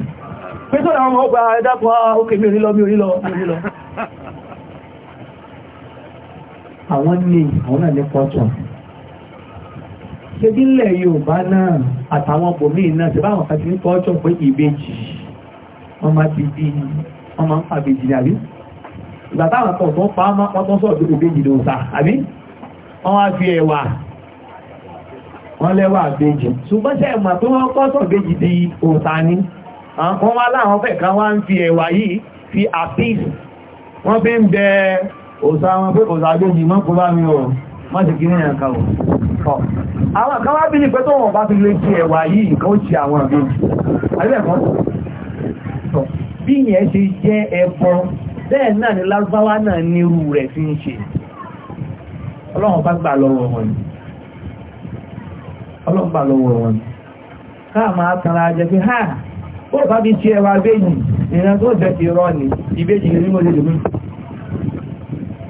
pé tó dáwọn ọgbà ẹ̀dàkùn àwọn ní àwọn náà ní kọ́tọ̀ ṣebí ilẹ̀ Yorùbá náà àtàwọn bòmíì náà ṣe báwọn kan ti ní kọ́tọ̀ pé ìbejì wọ́n máa ti bí wọ́n máa ń fa ìbejì ní àbí ìgbà táwọn kan tó ń pa wọ́n tó ń sọ̀rọ̀ pé ìbejì ló ń ta àbí wọ́n wá fi ẹ̀wà wọ́n lẹ́wà ìbejì ṣùgbọ́n ṣe ẹ̀mà tó wọ́n kọ́tọ̀ ìbejì di òǹta ni òsà wọn pé òsà àjòjì mọ́ kó bá mi ọ̀ wọ́n ti kìí ẹ̀yàn kàwọ̀ ọ̀ àwọn kan wá bí ní pé tó wọ́n bá fi lè ṣe ẹ̀wà yìí nǹkan ó ṣe àwọn àbí bí yẹn ṣe jẹ́ ẹbọ bẹ́ẹ̀ náà ni lárúbáwá náà ní irú rẹ̀ fi ń ṣe ọlọ́run bá gbà lọ́wọ́ wọn ni ọlọ́run gbà lọ́wọ́ wọn ni káà máa tanra jẹ pé ha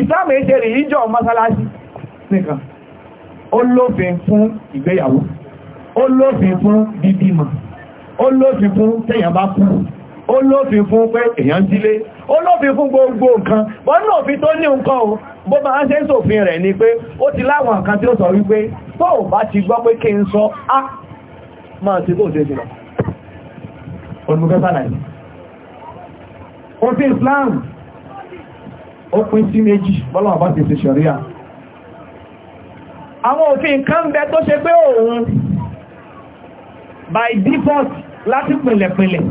islam èṣe rí ìjọ mọ́sálásí nìkan ó lófin fún ìgbéyàwó ó lófin fún bíbímọ ó lófin fún tẹ́yàn bá kú ó lófin fún pé èyàn dílé ó lófin fún gbogbo nǹkan bọ́n náà fi tó ní nǹkan o bó máa ṣe ń sòfin rẹ̀ ni pé ó ti láwọn nǹkan tí ó sọ wípé tó ò bá ti gbọ́ pé kí n sọ á máa ti bó ṣe jù lọ olùmọ̀kẹ́sà náà ó sí ó pín sí méjì bọ́lọ́wọ́ bá ti ṣe ṣọ̀ríà àwọn òfin kan ń bẹ tó ṣe pé òun by default láti pìnlẹ̀pìnlẹ̀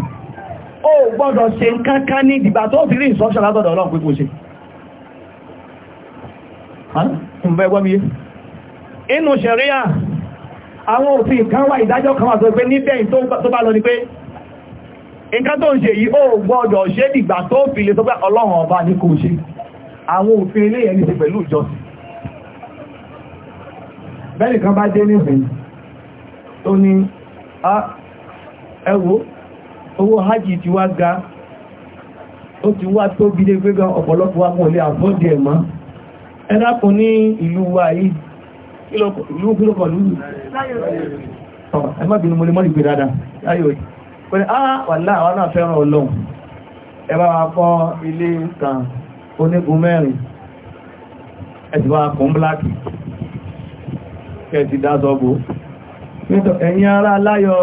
ó gbọ́dọ̀ ṣe nǹkan kan ní ìdìgbà tó fi rí instruction látọ̀dọ̀ ọlọ́run pípò ṣe inú ṣẹ̀ríà àwọn òfin kan wà ìdájọ́ kan wà tó pé níbẹ̀ tó bá lọ ni pé nǹkan tó ń ṣe yìí ó gbọ́dọ̀ ṣe dìgbà tó fi lè sọ pé ọlọ́run ọba ní kò ṣe àwọn òfin ilé ẹni ti pẹ̀lú ìjọsìn bẹ́ẹ̀ni kan bá dé nífin tó ní ẹwọ́ owó hajj ti wá ga ó ti wá tó bídé gbégá ọ̀pọ̀lọpọ̀ wọn lè àfọ́dì ẹ̀mọ́ ẹ̀dàkùn ní ìlú wa yìí ìlú kílòkọ̀ lúlù ẹ̀mọ́bìnrin mo lè mọ́lì gbé dáadáa láyò yìí pẹ̀lú àwọn àfẹ́ràn ọlọ́run ẹ bá wa kọ́ ilé kan onígun mẹ́rin ẹ̀tìwà kùn bláàkì kẹtì dázọ́gbò nítọ̀ ẹ̀yìn ara láyọ̀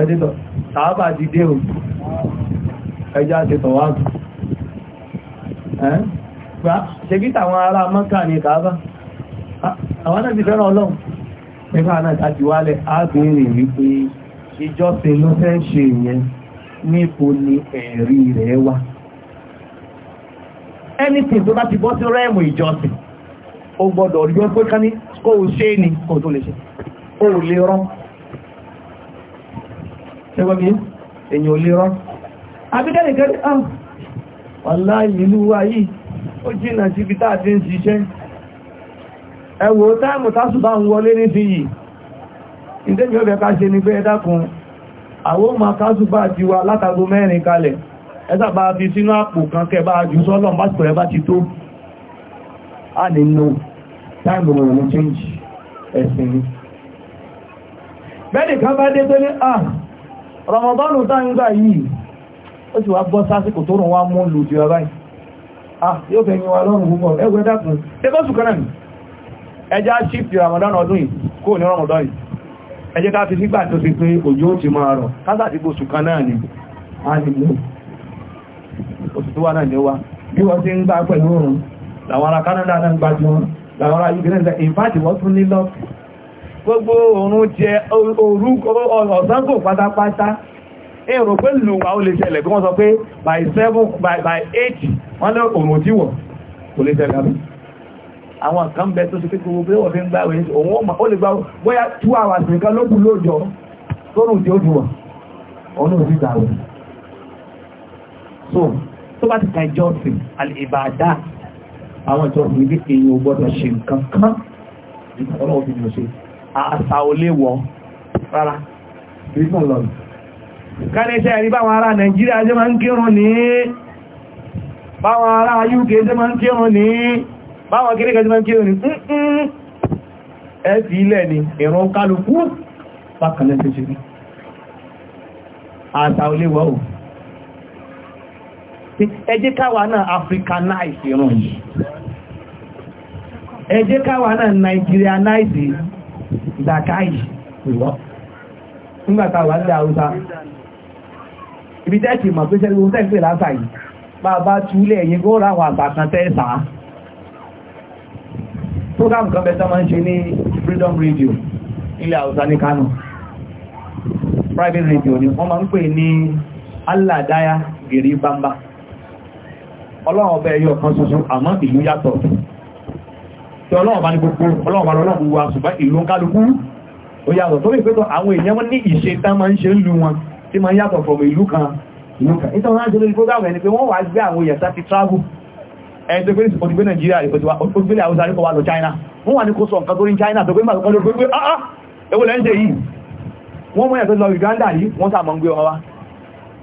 ẹ̀dìtọ̀ tàbà dìde o ẹjá ti tọ̀ wáàbù ṣe bí tàwọn ará mọ́kà ní tàbà àwọn náà ti fẹ́ràn ọlọ́run nígbà náà tàbí wálẹ̀ ábẹ̀rẹ̀ wípé ìjọ́sìn ló fẹ́ ṣe ìyẹn nípo ni ẹ̀rí rẹ̀ wà anything tó bá ti bọ́ sí rẹ́ẹ̀mù ìjọsìn ó gbọ́dọ̀ rí wọ́n pé ká ní kó o o tó lè ṣe ó ò lè rán ṣẹ́gbọ́n èyàn ò lè rán kẹ́lẹ́ ah wàlá ìlú wa yìí ó jìnà síbi tá a ti ń ṣiṣẹ́ ń wọlé ní fi yìí ìdẹ́mi ọbẹ̀ ká ṣe ni pé ẹ dákun àwọn ẹ̀sà bá fi sínú àpò kan kẹba jù sọ́lọ̀ bá sì bá ti tó a lè táìmù change ẹ̀sìn ni bẹ́ẹ̀ni kan bá dé tó ní à rọmọdọ́nù táìgbà yìí ó sì wá bọ́ sásìkò tó rùn wá mú ah yóò fẹ́ yín wa lọ́rùn púpọ̀ ẹgbẹ́ dákùn ẹgbẹ́ sùkọ́ náà ẹjá shift ramadan ọdún yìí kó ní ramadan fi ti oṣù tó wà náà ní wa bí wọ́n ti ń gbogbo oòrùn jẹ òru ọ̀sán kò pátápátá èrò pé lù wà ó lè ṣẹlẹ̀ bí wọ́n sọ pé by seven by by eight wọ́n ní oòrùn tí wọ̀ kò lè ṣẹlẹ̀ àbí àwọn kan bẹ tó ṣe pé gbogbo pé wọ́n fi ń gbá wẹ̀ òun tó bá ti ka ìjọsìn àlèbàdà àwọn ìjọsìn ibi èyí ò gbọ́dọ̀ ṣe nǹkan kan ọlọ́wọ́ fi mọ̀ ṣe àṣà ò lè wọ̀ rárá ìrísàn lọ́nà káníṣẹ́ rí báwọn ará Nàìjíríà jẹ́ máa ń kírun ní báwọn ará UK jẹ́ máa ń kírun ní báwọn kìríkà jẹ́ máa ń kírun ní ẹ̀ẹ́sì ilẹ̀ ni ẹ̀rọ kálukú bákanẹ́ ẹ jẹ́ káwa náà africanize irun yìí ẹ jẹ́ náà nigerianize zakai ìwọ́ nígbàtà wà nílẹ̀ ibi tẹ́ẹ̀kì mọ̀ pé sẹ́lú tẹ́ẹ̀kì lásà yìí bá bá túlẹ̀ yìí kó ra àwọn àgbàkan tẹ́ẹ̀sà program kan bẹ́ẹ̀ sọ́mọ́ ń ṣe ní ni ọlọ́run ọba ẹyọ kan ṣoṣo àmọ́ ìlú yàtọ̀ tí ọlọ́run bá ní gbogbo ọlọ́run bá lọ́lọ́run wa ṣùgbọ́n ìlú kálukú ó yàtọ̀ tó ìpẹ́tọ̀ àwọn èèyàn wọ́n ní ìṣe tá máa ń ṣe ń lu wọn tí máa ń yàtọ̀ fọmọ ìlú kan ìlú kan nítorí wọ́n á jẹ́ lórí program ẹni pé wọ́n wá gbé àwọn èèyàn tá ti travel ẹni lọ China wọ́n wà ní kó sọ China tó gbé màá lọ́pọ̀ ah ah ewu lẹ́ ń ṣe yìí wọ́n mú ẹ̀fẹ́ lọ Uganda yìí wọ́n sàmọ́ ń gbé wọn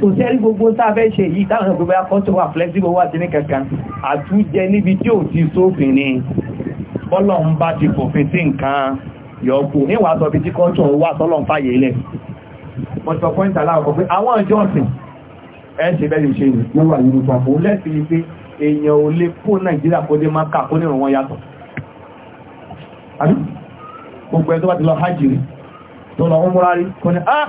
kò sẹ́rí gbogbo sáfẹ́ ṣe yìí táwọn gbogbo akọ́tọ̀ wà flexible wà sí ní kankan àtújẹ níbi tí ò ti sófin ni bọ́lọ̀ ń bá ti fòfin sí nǹkan yọ̀ọ̀kù níwà sọ bí tí kọ́tọ̀ wà sọ́lọ̀ ń fàyè ilẹ̀ mọ̀tọ̀ pọ́ìntà láàkọ́ pé àwọn ìjọsìn ẹ̀ ṣe bẹ́ẹ̀ ṣe ní wọ́n wà nínú pàpọ̀ lẹ́sìn ni pé èèyàn ò lè kó nàìjíríà kó dé máa kà kó nìrùn wọn yàtọ̀ gbogbo ẹ̀ tó bá ti lọ hajj rí tó lọ ń múra rí kò ní ah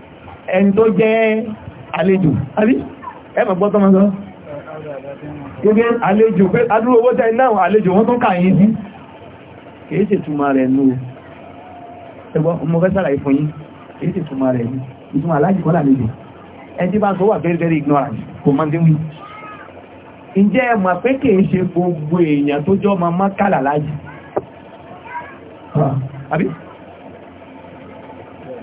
ẹni tó jẹ́ àlejò àbí ẹmọ̀ gbọ́ tọ́mọ́ sọ gẹ́gẹ́ àlejò pé adúrú owó tẹ́ náà àlejò wọ́n tó kààyè sí kìí sì túnmà rẹ̀ nú ẹgbọ́ ọmọ fẹ́ sàlàyé fún yín kìí sì túnmà rẹ̀ ìtumọ̀ aláàjì kọ́ làlejò ẹni tí bá sọ wà very very ignorant kò máa ń déwì ǹjẹ́ ẹ mọ̀ pé kìí ṣe gbogbo èèyàn tó jọ́ máa má kálà láàjì àbí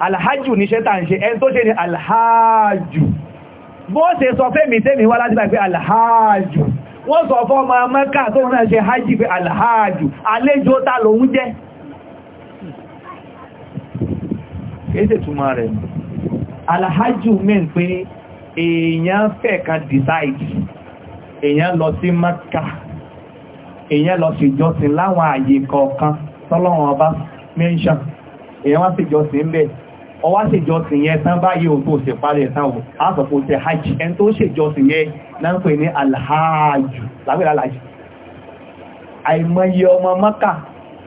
alhajjù ní ṣẹ́ta ń ṣe ẹni tó ni alhajjù bó ṣe sọ fẹ́ mi tẹ́mi wá láti pé alhajjù wọ́n sọ fọ́ ma mẹ́kà tó náà ṣe hajji pé alhajjù àlejò ta lòun jẹ́ kéèsè túnmà rẹ̀ alhajjù mẹ́n pé èèyàn fẹ́ kan decide èèyàn lọ sí mẹ́kà èèyàn lọ sí ìjọsìn láwọn àyè kọ̀ọ̀kan tọ́lọ́wọ́n ọba mẹ́ńṣàn èèyàn wá sí ìjọsìn bẹ́ẹ̀ ọwá ṣèjọsìn yẹn tán báyìí ohun tó ṣe parí ẹ̀sán ohun aṣọ̀pọ̀ ṣe hajj ẹni tó ṣèjọsìn yẹn náà ń pè ní alhajjù lágbèrè alhajjù àìmọye ọmọ mọ́kà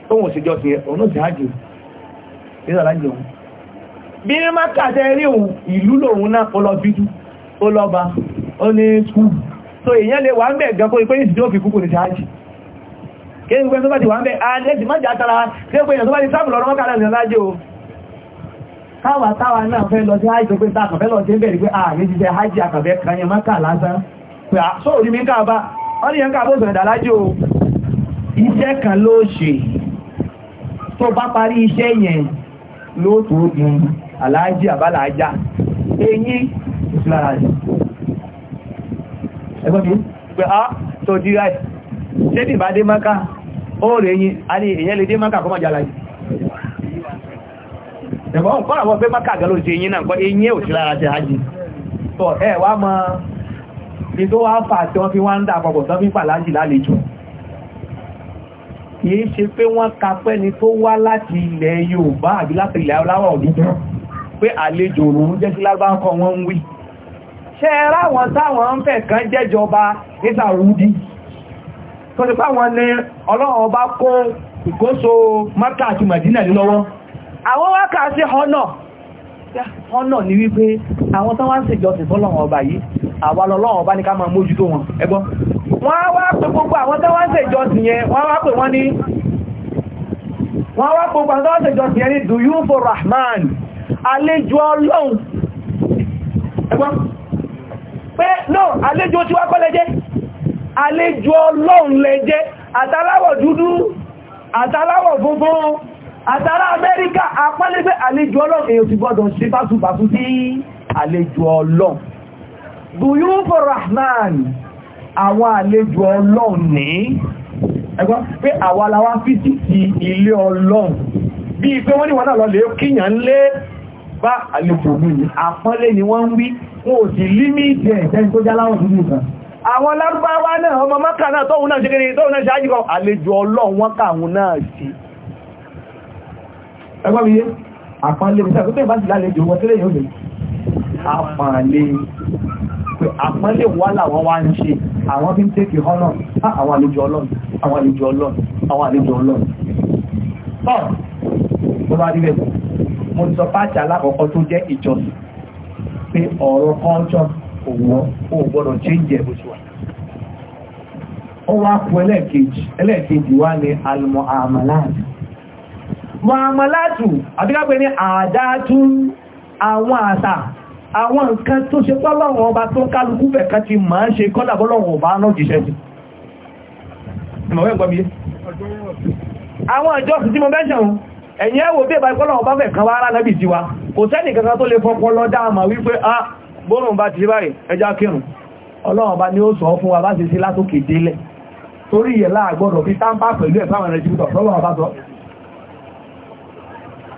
tó wọ́n ṣèjọsìn yẹn òun náà ṣe hajjù nínú alhajjù òun bí ní mọ́kà tẹ rí òun ìlú lòun náà ó lọ bídú ó lọ bá ó ní skul so èèyàn lè wà ń bẹ̀ gan kó ipé ìsìn tó fi kúkú ní ṣe hajj kí ní gbẹ́ tó bá ti wà ń bẹ̀ alẹ́ ti má jà táwà táwà náà fẹ́ lọ sí hajj pé táàkàn fẹ́ lọ sí bẹ̀rẹ̀ pé ààrẹ jíjẹ hajj àkàbẹ́ kanyẹ mọ́kà lásán pé à só orí mi ń káàbá káàbó kan ló ṣe tó bá parí iṣẹ́ yẹn ló tó aláàjì àbálàájá eyín rẹ̀ mi pé à a ẹ̀bọ̀n kọ́ àwọn pé mọ́kà gẹ́lò ṣe yí náà kọ́ eyín ò sí lára ṣe hajji tọ́ ẹ wá mọ́ ní tó wá fà tí wọ́n fi wá ń dà àpapọ̀ tán fi pàlájì lálejò kìí ṣe pé wọ́n ka pẹ́ ni tó wá láti ilẹ̀ Yorùbá àbí láti ilẹ̀ aláwọ̀ dúdú pé àlejò òun jẹ́ sí lágbáńkọ́ wọ́n ń wí ṣe ráwọn táwọn ń fẹ̀ kan jẹ́jọba ní Sàúdí tó ti pàwọn ni Ọlọ́run ọba kó ìkóso Mákà Màdínà lọ́wọ́ àwọn wá kà sí ọ̀nà ọ̀nà ni wípé àwọn tán wá ń ṣèjọsìn fọ́lọ́run ọba yìí àwa lọ́lọ́run ọba ní ká máa mójútó wọn ẹgbọ́n wọ́n wá pè gbogbo àwọn tán wá ń ṣèjọsìn yẹn wọ́n wá pè wọ́n ní wọ́n wá gbogbo àwọn tán wá ń ṣèjọsìn yẹn ní duyufo rahman àlejò ọlọ́run ẹgbọ́n pé no àlejò tí wá kọ́ lẹ́jẹ́ àlejò ọlọ́run lẹ́jẹ́ àtàláwọ̀ dúdú àtàláwọ̀ funfun àtàrà amẹ́ríkà àpálẹ́gbẹ́ àlejò ọlọ́run èyàn ti gbọ́dọ̀ ṣe básùbàsù sí àlejò ọlọ́run buyúfò rahman àwọn àlejò ọlọ́run ní ẹgbọ́n pé àwa la wá fìtì sí ilé ọlọ́run bí i pé wọ́n ní wọ́n náà lọ lè kíyàn lé bá àlejò mi àpọ́nlé ni wọ́n ń wí wọn àwọn lárúbáwá náà ọmọ mọ́kà tóhun náà ṣe kéré tóhun náà ṣe ájíkọ àlejò ọlọ́run wọ́n náà sí ẹgbọ́n mi yé àpàlẹ́ ìṣẹ́ tó tẹ́ bá ti lálejò wọn tẹ́lẹ̀ yóò lè àpàlẹ́ pé àpàlẹ́ wà láwọn wá ń ṣe àwọn bí ń tẹ́kì hánà àwọn àlejò ọlọ́run àwọn àlejò ọlọ́run àwọn àlejò ọlọ́run tọ́ mo bá rí bẹ́ẹ̀ mo sọ páàtì alákọ̀ọ́kọ́ tó jẹ́ ìjọsìn pé ọ̀rọ̀ kọ́ńtọ́ òwò ò gbọ́dọ̀ change bó ti ó wá kú ẹlẹ́ẹ̀kejì ẹlẹ́ẹ̀kejì wá ní almọ̀ àmàláàdì mọ̀àmọ́látù àbíkápẹ́ ní àdáàtú àwọn àṣà àwọn nǹkan tó ṣe pọ́lọ́wọ̀n ọba tó kálukú fẹ̀kan ti máa ń ṣe kọ́làbọ́lọ́wọ̀n ọba náà jíṣẹ́ sí àwọn ìjọsìn tí mo mẹ́ṣẹ̀un ẹ̀yìn ẹ̀wò bí ẹ̀bá ìpọ́lọ̀wọ̀n bá fẹ̀ kan wá rá náà bì ti wa kò sẹ́nì kankan tó lè fọ́pọ́ lọ dáàmà wípé ah bóòrùn bá ti báyìí ẹjá kírùn ọlọ́run bá ní ó sọ fún wa bá ti sí látòkè délẹ̀ torí ìyẹ̀lá àgbọ́dọ̀ fi támpà pẹ̀lú ẹ̀fáwọn ẹ̀rẹ́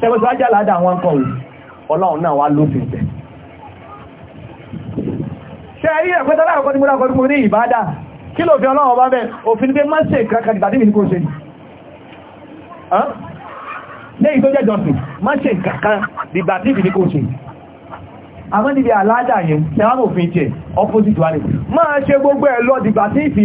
tẹ́gbẹ́sọ ajálàádà wọn kan wù ọlọ́run náà wá lófin tẹ̀ ṣe rí ẹ̀kọ́ tẹ́lá àkọ́kọ́ tí mo rákọ́ tí mo ní ìbádà kí ló fi ọlọ́run bá bẹ́ òfin pé máa ń ṣe kankan ìgbà tí mi ní kò ṣe lẹ́yìn tó jẹ́ jọsìn máa ń ṣe kankan ìgbà tí mi ní kò ṣe àmọ́ níbi àládà yẹn tẹ́wọ́n òfin tiẹ̀ opposite wani máa ṣe gbogbo ẹ̀ lọ dìgbà tí ṣe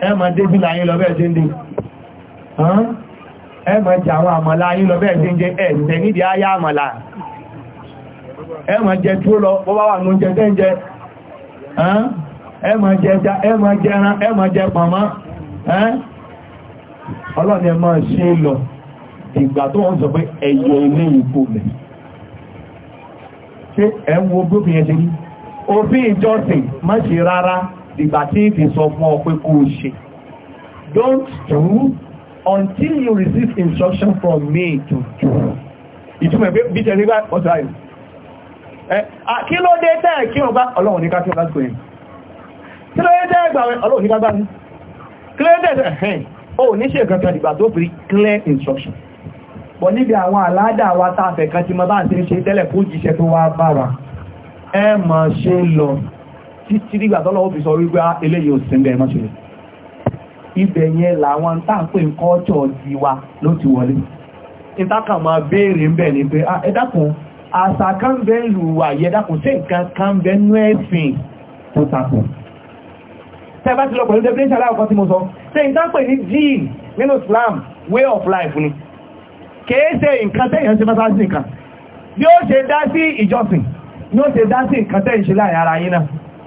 ẹmọ débí láyín lọ bẹ́ẹ̀ ṣe ń dé ẹmọ jẹ àwọn àmàlà yín lọ bẹ́ẹ̀ ṣe ń jẹ ẹ̀ṣẹ̀ nídi ayá àmàlà ẹmọ jẹ tí ó lọ bọ́bá ní oúnjẹ tẹ́ ń jẹ jẹ ẹran jẹ ọlọ́ni lọ ìgbà tó wọ́n sọ pé ẹ̀yọ ilé ìpò mẹ́ gbófin ẹ̀ dìgbà tí ìfì sọ fún ọ pé ṣe don't do until you receive instruction from me to do ìtumọ̀ pé bí tẹ̀lé bá ọ̀tọ̀ ayò kí ló dé tẹ́ kí wọ́n bá ọlọ́run ní káàkiri lásìkò yẹn kí ló dé tẹ́ gbà ọlọ́run ní kágbá ní kí ló dé tẹ́ ẹ̀hẹ́n ó ní ṣe ìkan kan ìgbà tó fi clear instruction bọ̀ níbi àwọn aládà wa táfẹ̀ kan tí mo bá ń ṣe tẹ́lẹ̀ kó jíṣẹ́ tó wá bá ẹ máa ṣe lọ títí nígbà tó lọ́wọ́ fi sọ wípé ah, eléyìí ò sí bẹ́ẹ̀ mọ́ṣẹ́lẹ̀ ibẹ̀ yẹn làwọn táàpé nǹkan ọjọ́ ti wa ló ti wọlé ìtàkà máa béèrè ń bẹ̀ ni pé ah, ẹ dákun àṣà kan bẹ́ẹ̀ lù wà yẹ dákun sí nǹkan kan bẹ́ẹ̀ nú ẹ̀sìn tó takò tẹ́bá ṣe dá sí ìjọsìn ni ṣe dá sí nǹkan tẹ́yìn ṣe láàrin náà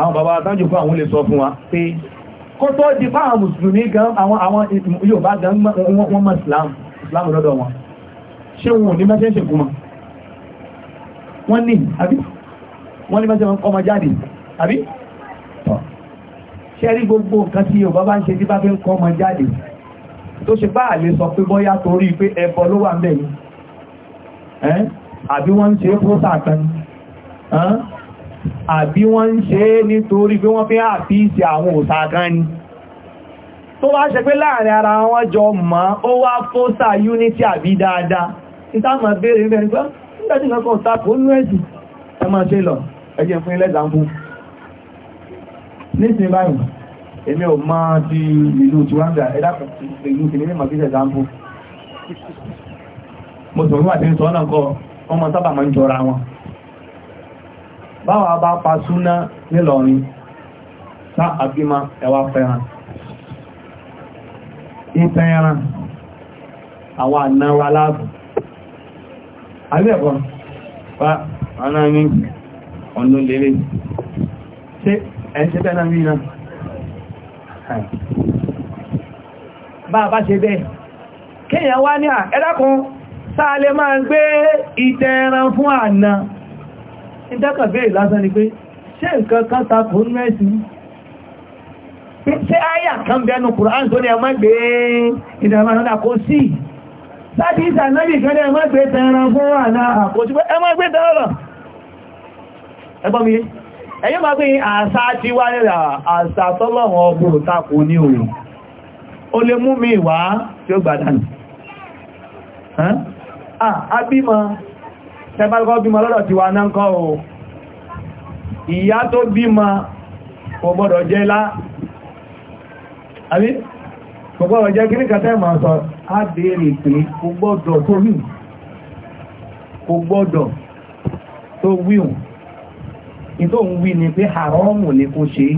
àwọn bàbá àtàjù fún àwọn olè sọ fún wa pé kó tó di fún àwọn gan àwọn àwọn Yorùbá gan wọ́n mọ̀ Islam Islam lọ́dọ̀ wọn ṣé wọn ní mẹ́sẹ̀ ṣe kúmọ̀ wọ́n ní àbí wọ́n ní mẹ́sẹ̀ wọn kọ́ jáde àbí ṣe rí gbogbo nǹkan tí Yorùbá bá ń ṣe tí bá fi ń kọ́ ọmọ jáde tó ṣe bá àlè sọ pé bọ́yá torí pé ẹbọ ló wà ń bẹ̀ ni àbí wọ́n ń ṣe é fún sàtàn àbí wọ́n ń ṣe é nítorí pé wọ́n fẹ́ àfíìsì àwọn òsàkán ni tó bá ṣe pé láàrin ara wọn jọ mọ́ ó wá fóṣà unity àbí dáadáa ìtàmà béèrè mẹ́rin pé nígbàtí kankan òsàkó nú ẹ̀sì ẹ máa ṣe lọ ẹjẹ́ fún ilẹ̀ ìdàmú nísìnyí báyìí èmi ò máa ti ìlú tiwanda ẹ̀dàkùn ìlú kìnnìmọ̀ bí ìṣẹ̀dàmú mo sọ̀rọ̀ àti ìṣọ́nà kọ́ ọmọ sábà máa ń jọra wọn báwa bá pa súná nílọrin sá àbímá ẹwà fẹ́ràn ìfẹ́ràn àwọn ànáwà aláàbò alẹ́ẹ̀kọ́ pa ọ̀nà ní ọ̀nà lèrè ṣe ẹ̀ṣẹ́ tẹ́nà rí náà bá bá ṣe bẹ́ẹ̀ kíyàn wá ní à ẹ́dàkùn sáà lè máa gbé ìtẹ̀ẹ̀ràn fún àná ìdákan béèrè lásán ni pé ṣé nǹkan kan ní kan bẹnu Kùránì tó ní ẹmọ́ gbé ìdàmà náà kò sí láti ìsà náàbì kan ní ẹmọ́ gbé tẹran fún àná àkóṣù ẹmọ́ tẹran lọ ẹgbọ́n mi ẹ̀yọ́ máa pín àṣà ti wá nílẹ̀ àṣà tọ́lọ̀wọ̀n ọgbọ̀n tẹ́bálkọ́ bímọ lọ́dọ̀ ti wà náà ń kọ́ o ìyá tó bímọ kò gbọ́dọ̀ jẹ́ lá àbí kò gbọ́dọ̀ jẹ́ kíníkà tẹ́mà sọ á béèrè pé kò gbọ́dọ̀ tó rí kò gbọ́dọ̀ tó wíhùn ìtò ń wí ni pé haramu ni kò ṣe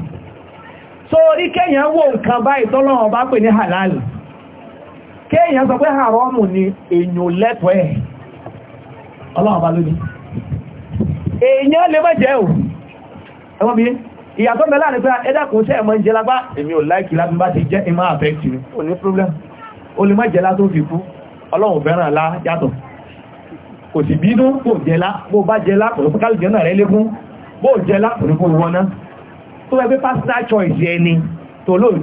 so orí kéèyàn wò nǹkan báyìí tọ́lọ́run bá pè ní halal kéèyàn sọ pé haramu ni èèyàn lẹ́tọ̀ọ́ ẹ̀ ọlọ́run bá lónìí èèyàn lè mọ́ jẹ́ ò ẹwọ́n bí ìyàtọ̀ mẹ́lá ní pé ẹ̀dà kò sẹ́ ẹ̀mọ́ jẹ́ lápá èmi ò láìkì láti bá ti jẹ́ ìmọ̀ àfẹ́kì mi ò ní problem o lè mọ́ jẹ́ lá tó fi kú ọlọ́run fẹ́ràn lá yàtọ̀ kò sì bínú kò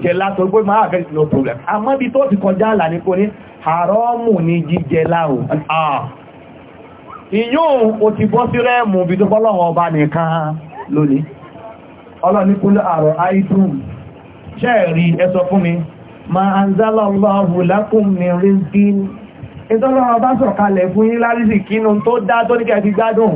jẹ́ lá no problem àmọ́ bí tó ti haramu ní jíjẹ lá o ah. ìyún o ti bọ́ sí rẹ́mù bí tó ọba nìkan lónìí ọlọ́nikúlẹ̀ àrọ̀ aìtùn ṣẹ́ẹ̀rí ẹsọ fún mi ma anzala Allahu lakum min rizqin ìtọ́lọ́wọ́ bá fún lárísì kínú tó dá tó ní kẹfì gbádùn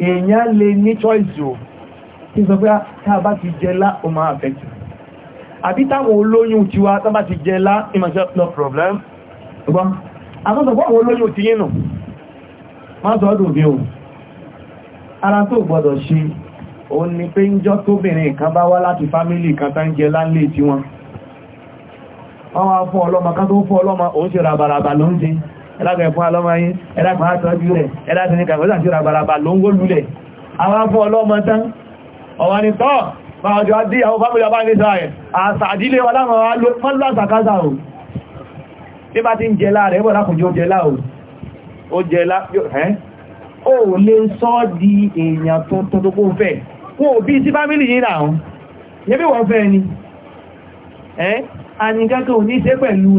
èèyàn lè ní choice o tí sọ pé ah, táà bá ti jẹlá o máa affect àbí táwọn olóyún ti wá tábà ti no problem ṣùgbọ́n àtọ́sọ̀pọ̀ àwọn olóyún ti yínú má sọ ọdún bí o ara tó gbọdọ̀ ṣe o ní pé ń jọ tóbìnrin kan bá wá láti fámílì kan tán jẹ láńlé tí wọn wọ́n wá fún ọlọ́mọ kan tó fún ọlọ́mọ òun ṣe rabaraba lóúnjẹ ẹlágbẹ̀ fún alọ́mọ yín ẹlágbẹ̀ àtọ́jú rẹ̀ ẹlágbẹ̀ ní kàfẹ́sà sí ràgbàràbà ló ń gólulẹ̀ àwọn fún ọlọ́mọ tán ọwà ní tọ́ bá ọjọ́ dí àwọn fámílì ọba ní sáyẹ̀ àsàdílé wà láwọn alọ́sàkásà ò tí bá ti ń jẹ láàrẹ̀ ẹgbọ́n lákùnjú ó di èèyàn tuntun tó kó fẹ́ wọn ò bí tí fámílì yìí náà yẹ́ bí wọ́n fẹ́ ni ẹ́ àníkákẹ́ ò ní ṣe pẹ̀lú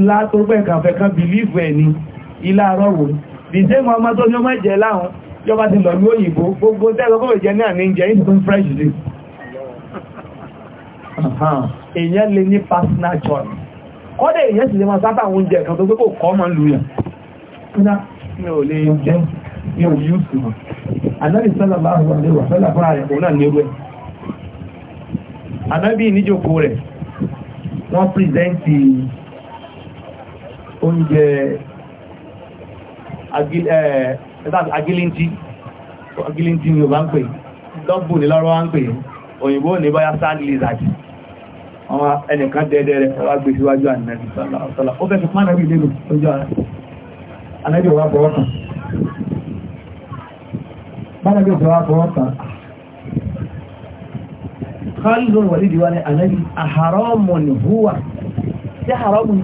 ilá arọ́wò the same ọmọ tó ní ọmọ ìjẹ láhùn yọba ti lọ ní òyìnbó gbogbo tẹ́lọ́kọ́ ìjẹ ní àní ìjẹ ìsìnkún fresh day èyàn lè ní personal choice kọ́dẹ̀ èyàn sì lè máa sábà oúnjẹ kan tó pé kò kọ́ mọ́ lùyàn mi ò lè jẹ mi ò yú sí wọn anábì sọ́lá bá wà lè wà sọ́lá fún ààrẹ oúnjẹ Eh, agilinti agilinti ni o bá ń pè dọ́gbù ní lọ́rọ̀ wá ń pè òyìnbó ní báyá sand lizard ọmọ ẹnìkan dẹ́dẹ́ rẹ̀ wá gbé síwájú ànìyàn o ó fẹ́ fi pán àbí lélò lójú ara ànìyàn wá bọ́ ọ̀kan bánàbí òfin wá bọ́ ọ̀kan kọ́lù wọlé ìdíwá ní ànìyàn àhàrọ́mù ní húwà sí àhàrọ́mù ní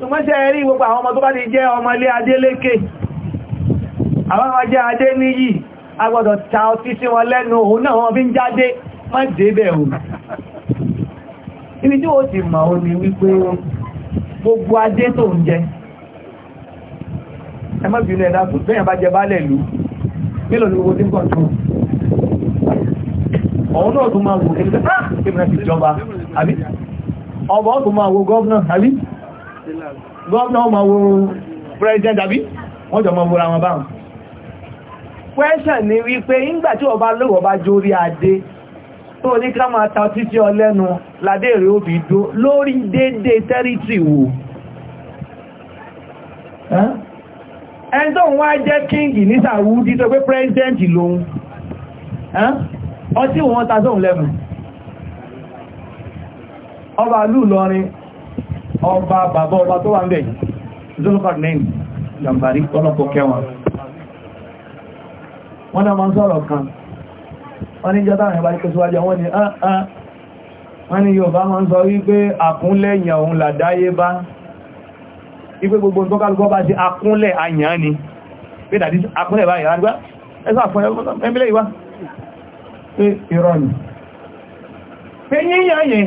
ṣùgbọ́nṣẹ́ rí gbogbo àwọn ọmọ tó bá ti jẹ́ ọmọ ilé adélékè àwọn ọmọ jẹ́ adé níyì agbọ́dọ̀ ta ọtí sí wọn lẹ́nu òun náà wọ́n fi ń jáde má débẹ̀ o ibi tí ó ti mọ̀ ní wípé gbogbo adé tó ń jẹ ẹ má bínú ẹ̀dá tó bẹ́yàn bá jẹ bálẹ̀ lú mílò ní owó tí ń kọ̀ tó ọ̀hún náà tó máa wò kí ah, ọ̀bọ̀ tó máa gọ́ọ̀nà àbí gọ́ọ̀nà ọmọ wo president àbí wọ́n jọ mọ́ wúra wọn báwọn question ni wípé ìgbà tí ọba lówó bá jórí adé tó ní ká máa ta títí ọlẹ́nu ládé rẹ̀ ó fi dó lórí dédé tẹ́rítì wò ẹni tó ń wá jẹ́ kíngì ní sàwúdí tó pé president lòun ọtí wọn ta sóhun lẹ́mù ọba lù lọrin ọba bàbá ọba tó wà ń bẹ̀ zulfat name jambari ọlọ́pọ̀ kẹwọn wọ́n náà máa ń sọ̀rọ̀ kan wọ́n ní jọta àwọn ìbájú pẹ̀síwájá ah, ah. wọ́n ni wọ́n ni Yorùbá máa ń sọ wípé àkúnlẹ̀ èèyàn òun làdáyé bá wípé gbogbo tó kálùkọ́ bá sí àkúnlẹ̀ àyàn ni pé dàdí àkúnlẹ̀ báyìí rágbá ẹsà fún ẹmílẹ̀ ìwá pé ìrọ̀ ni pé yíyàn yẹn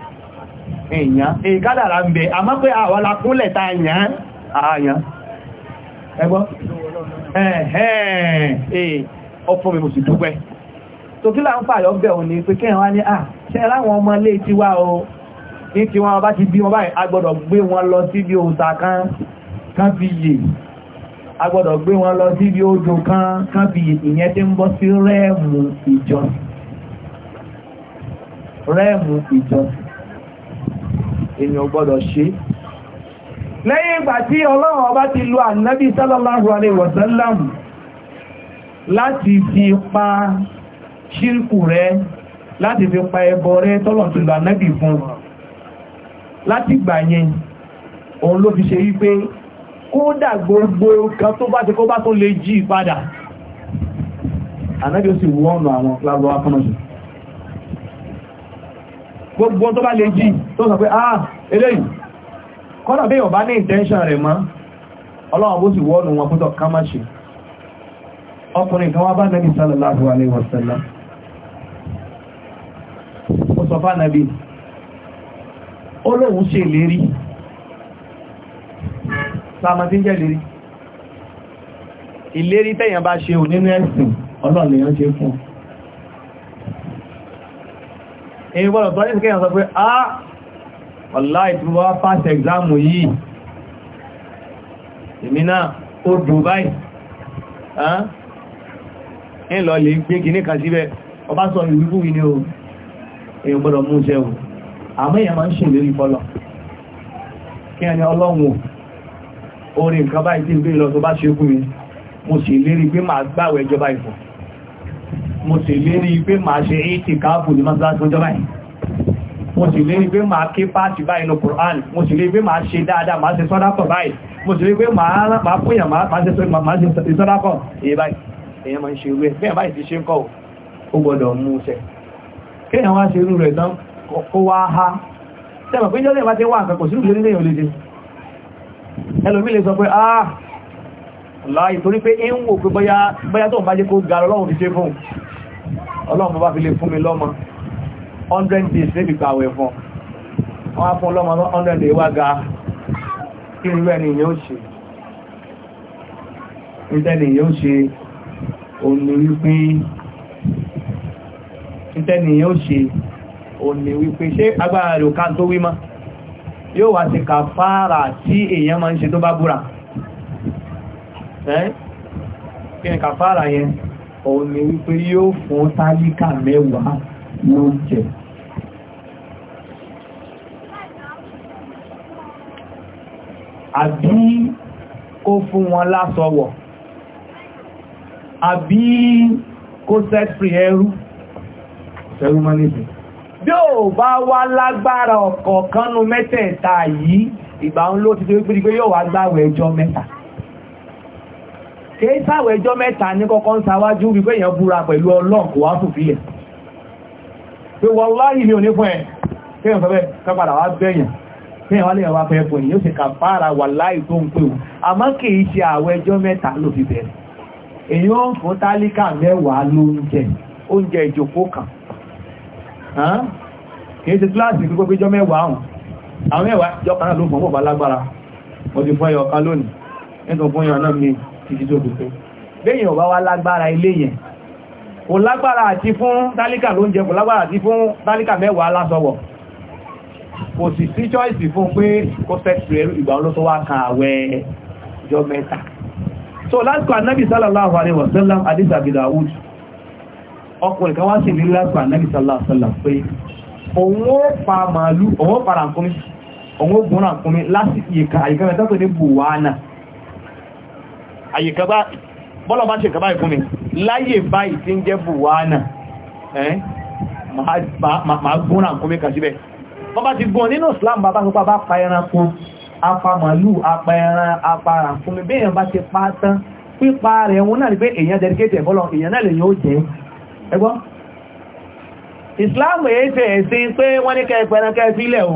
èèyàn ìkádàrà ń bẹ àmọ́ pé àwọn alákúnlẹ̀ ta yàn ààyàn ẹgbọ́ ẹ̀ẹ́ ọ̀fún mi mo sì dúpẹ́ tó kí láà ń pààyọ bẹ̀ òní pé kí ẹ̀wọ́n ní à ṣe láwọn ọmọ ilé ti wá o ní tí wọ́n bá ti bí wọn báyìí agbọ́dọ̀ gbé wọn lọ sí bí òòṣà kan kan fi yè agbọ́dọ̀ gbé wọn lọ sí bí odò kan kan fi yè ìyẹn tí ń bọ́ sí rẹ́ẹ̀mù ìjọsìn rẹ́ẹ̀mù ìjọsìn èèyàn gbọ́dọ̀ ṣe lẹ́yìn ìgbà tí ọlọ́run ọba ti lo ànábì sallallahu alaihi wasallam láti fi pa ṣírkù rẹ láti fi pa ẹbọ rẹ tọ́lọ̀ tó lo ànábì fún láti gbà yẹn òun ló fi ṣe wípé kódà gbogbo kan tó bá ti kó bá tó lè jí padà ànábì ó sì wọ́n àwọn lábọ́ akọ́nàṣùn gbogbo tó bá lè jí tó sọ pé ah eléyìí kọ́nà bí ọba ní intention rẹ̀ ma ọlọ́wọ́ bó sì wọ́nù wọn pútọ̀ ká máa ṣe ọkùnrin kan wá bá nẹ́bí sallallahu alaihi ìlérí bá nínú èyí gbọ́nà tọ́ ìsìnkẹ́yàn sọ pé a wàlá ìtúwà pàṣẹ ẹ̀gbàmù yìí èmi náà ó dùn báyìí ń lọ lè gbé kìíní kan síbẹ̀ ọba sọ ìwúkú wí ní o èyí gbọ́dọ̀ mú iṣẹ́ o àmọ́ èyàn máa ń ṣe ìlérí fọ́lọ̀ kí ẹni ọlọ́run orin nǹkan báyìí tí ń gbé lọ tó bá ṣe fún mi mo sì lérí pé màá gbàwẹ̀ ìjọba ìfọ̀ mo sì lérí pé màá ṣe éèkì káàbù ní mọ́sálásí ọjọ́ báyìí mo sì lérí pé màá ké pàtì báyìí ní Qur'an mo sì lérí pé màá ṣe dáadáa màá ṣe sọ́dápọ̀ báyìí mo sì lérí pé màá fúnyà màá ṣe sọ́dápọ̀ èyí báyìí èyàn máa ń ṣe irú ẹ̀ bẹ́ẹ̀ báyìí ti ṣe ń kọ́ ó gbọ́dọ̀ mú ṣẹ kéèyàn wá ṣe irú rẹ̀ tán kó wá ha tẹ́mọ̀ pé jọ́lẹ̀ bá ti wá àkàkọ̀ sínú ìṣẹ́ nílẹ̀ olóde ẹlòmí torí pé ń wò pé bóyá tó ń bá jẹ́ kó ga lọ́wọ́ fi ṣe fún ọlọ́run bá fi lè fún mi lọ́mọ 100 days níbi kàwẹ̀ fún wọ́n á fún lọ́mọ 100 days wá ga kí irú ẹni yẹn ó ṣe ìtẹ́ni yẹn ó ṣe òní wípé ìtẹ́ni yẹn ó ṣe òní wípé ṣé agbára rẹ̀ ká tó wímá yóò wá ti kàfàrà tí èèyàn máa ń ṣe tó bá búra ẹ́ kí ni kàfàrà yẹn òun ni wípé yóò fún tálíkà mẹ́wàá lóúnjẹ àbí kó fún wọn láṣọ wọ̀ àbí kó sẹ́sì ẹrú bí ò bá wá lágbára ọ̀kọ̀ọ̀kan nú mẹ́tẹ̀ẹ̀ta yìí ìgbà ń ló ti tó wípé yóò wá gbáwẹ̀ ẹjọ́ mẹ́ta kìí sáwẹ̀ ẹjọ́ mẹ́ta ní kọ́kọ́ ń sáwájú wípé èèyàn búra pẹ̀lú ọlọ́run kò wá fòfilẹ̀ pé wọláyìí ni ò ní fún ẹ kéèyàn fẹ́ kápadà wá bẹ́yàn kéèyàn wá léèyàn wá fẹ́ fún èèyàn ó sì kàfàrà wàláhì tó ń pè ó àmọ́ kìí ṣe àwẹ̀ ẹjọ́ mẹ́ta ló fi bẹ̀rẹ̀ èèyàn mẹ́wàá lóúnjẹ àwọn mẹ́wàá jọ kan ló fún ọmọ bá lágbára mo ti fún ẹyọ kan lónìí nítorí fún ẹyọ náà mi títí tó fi pé lẹ́yìn ọ̀bá wá lágbára ilé yẹn kò lágbára àti fún tálíkà ló ń jẹ kò lágbára àti fún tálíkà mẹ́wàá lásọwọ̀ kò sì sí choice fún pé kó sẹ́kìrì ìgbà olóso wá kan àwẹ̀ ìjọ mẹ́ta so lásìkò anábì sallallahu alaihi wasallam adisa bidawud ọkùnrin kan wá sí ní lásìkò anábì sallallahu alaihi wasallam pé òun ó pa màálù òun ó para nkúmi òun ó gúnra nkúmi lásìkò àyíká mẹ́ta pé ní buwana àyíkàbá bọ́lọ̀ bá ṣe kàbá ìfún mi láyé báyìí tí ń jẹ́ buwana ẹ́ ma gúnra kúmí kà síbẹ̀ wọ́n bá ti gún nínú Islam bàbá púpá bá pa ẹran kún apa màlúù apa ẹran apa ràn fún mi bẹ́yàn bá ti pa tán pípa rẹ̀ wọn náà ni pé èyàn dedicate ẹ̀bọ́lọ̀ èyàn náà lè yóò jẹ́ ẹgbọ́n Islam èé ṣe ẹ̀sìn pé wọ́n ní kẹ́ ẹ̀pẹ̀rẹ̀ kẹ́ sílẹ̀ o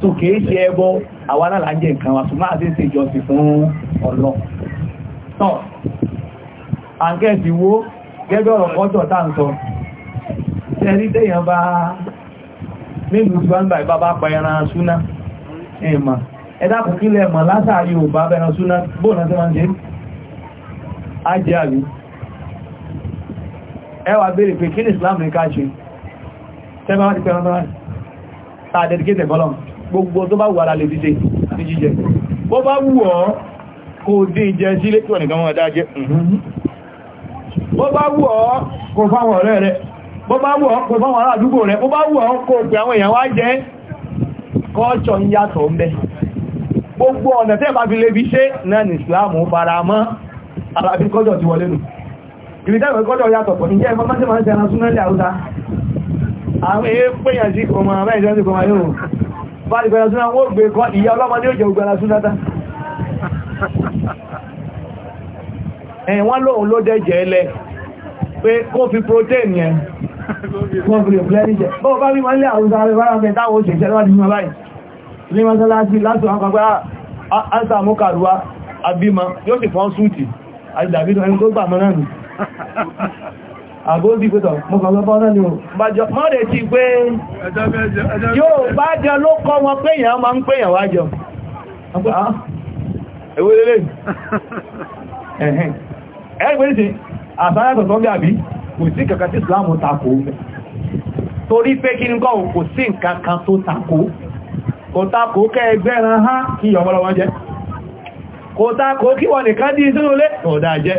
so kìí ṣe ẹbọ àwọn alálàájẹ nǹkan wa ṣùgbọ́n àti ṣe ìjọsìn fún ọ̀lọ́ tán àǹkẹ́ẹ̀sì wo gẹ́gẹ́ ọ̀rọ̀ kọ́tọ̀ ta ń sọ tẹ́rí tẹ́yàn bá nílùú tí wọ́n bá ìbá bá pa ẹran súná ẹ̀mà ẹ̀dá kò kílẹ̀ mọ̀ látàrí ò bá bẹ̀rẹ̀ súná bóòlá tí wọ́n jẹ́ ajẹ́ àrí ẹwà béèrè pé kí ní Islam ní ká ṣe tẹ́bá wá ti gbogbo tó bá wù ara lè dìde ní jíjẹ bó bá wù kò dé jẹ sí lé tíwọ̀n nìkan wọ́n dá jẹ́ bó gbogbo ọ̀nà tẹ́ bá fi lè ṣe náà ní ìsìláàmù fara mọ́ arábí kọ́jọ̀ ti wọlé nù ìrìtẹ́wẹ̀ kọ́jọ̀ yàtọ̀ pọ̀ ní jẹ́ ẹ̀kọ́ máa máa ń tẹ́ ẹran súnmọ́lẹ̀ àwúta àwọn èèyàn pèyàn sí kọmọ mẹ́jọ́ bá ti gbẹ̀rẹ̀ súnà wọ́n gbé kan ìyá ọlọ́mọ ní òjò gbẹ̀rẹ̀ súnà tá ẹ̀wọ́n lóhun ló dẹ́jẹ̀ ẹlẹ́ pé kó fi protein yẹn wọ́n fi rẹ̀ ní jẹ́ bọ́ bá rí wọ́n lé àwùsá rẹ̀ wọ́n rẹ̀ táwọn òṣèṣẹ́ lọ́dí mọ́ báyìí ní mọ́sálásí látò àpapẹ́ ah, ah, àṣàmú kàrùwá àbímọ yóò sì fọ́n súùtì àti dàbídọ̀ ẹni tó gbà mọ́ náà àgóòdì pẹ́tọ̀ mọ́kànlọ́pọ̀ náà ni ó mọ́rẹ̀ ti pé yóò bá ló kọ́ wọn péyàn ma ń péyàn wá ah. Islam torí pé kí ní kọ́ kò sí nǹkankan tó takò kò takò kẹ́ ẹgbẹ́ ran há kí ọmọlọ́wọ́ jẹ́ kò takò kí wọ́n nìkan dí sínú ọ̀dá jẹ́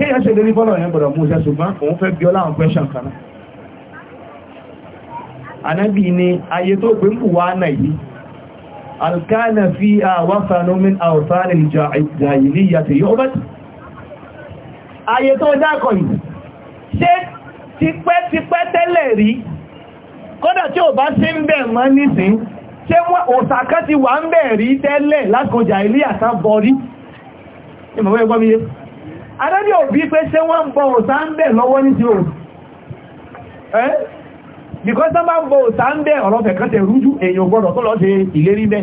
kéèyàn ṣe lérí fọ́lọ̀ yẹn gbọ́dọ̀ mú iṣẹ́ ṣùgbọ́n òun fẹ́ bí ọlá àwọn pẹ́ṣàn kan náà anábì ni ayé tó gbé ń bù wá náà yìí alkana fi àwọ́sànú min àwọ̀sánì ìjàìlì yàtì yóò bá ti ayé tó dákọ̀ yìí ṣe tipẹ́tipẹ́ tẹ́lẹ̀ rí kódà tí ò bá sí ń bẹ̀ mọ́ nísìn ṣe òsàkà ti wà ń bẹ̀ rí tẹ́lẹ̀ lákọjà ilé àtàbọ̀rí ìmọ̀wé arábí òbí pé ṣe wọ́n ń bọ ń bẹ̀ lọ́wọ́ ní ti òun ẹ́ because wọ́n bá ń bọ ń bẹ̀ ọ̀rọ̀ fẹ̀kẹ́ tẹ̀ rújú èyàn gbọ́dọ̀ tó lọ ṣe ìlérí bẹ́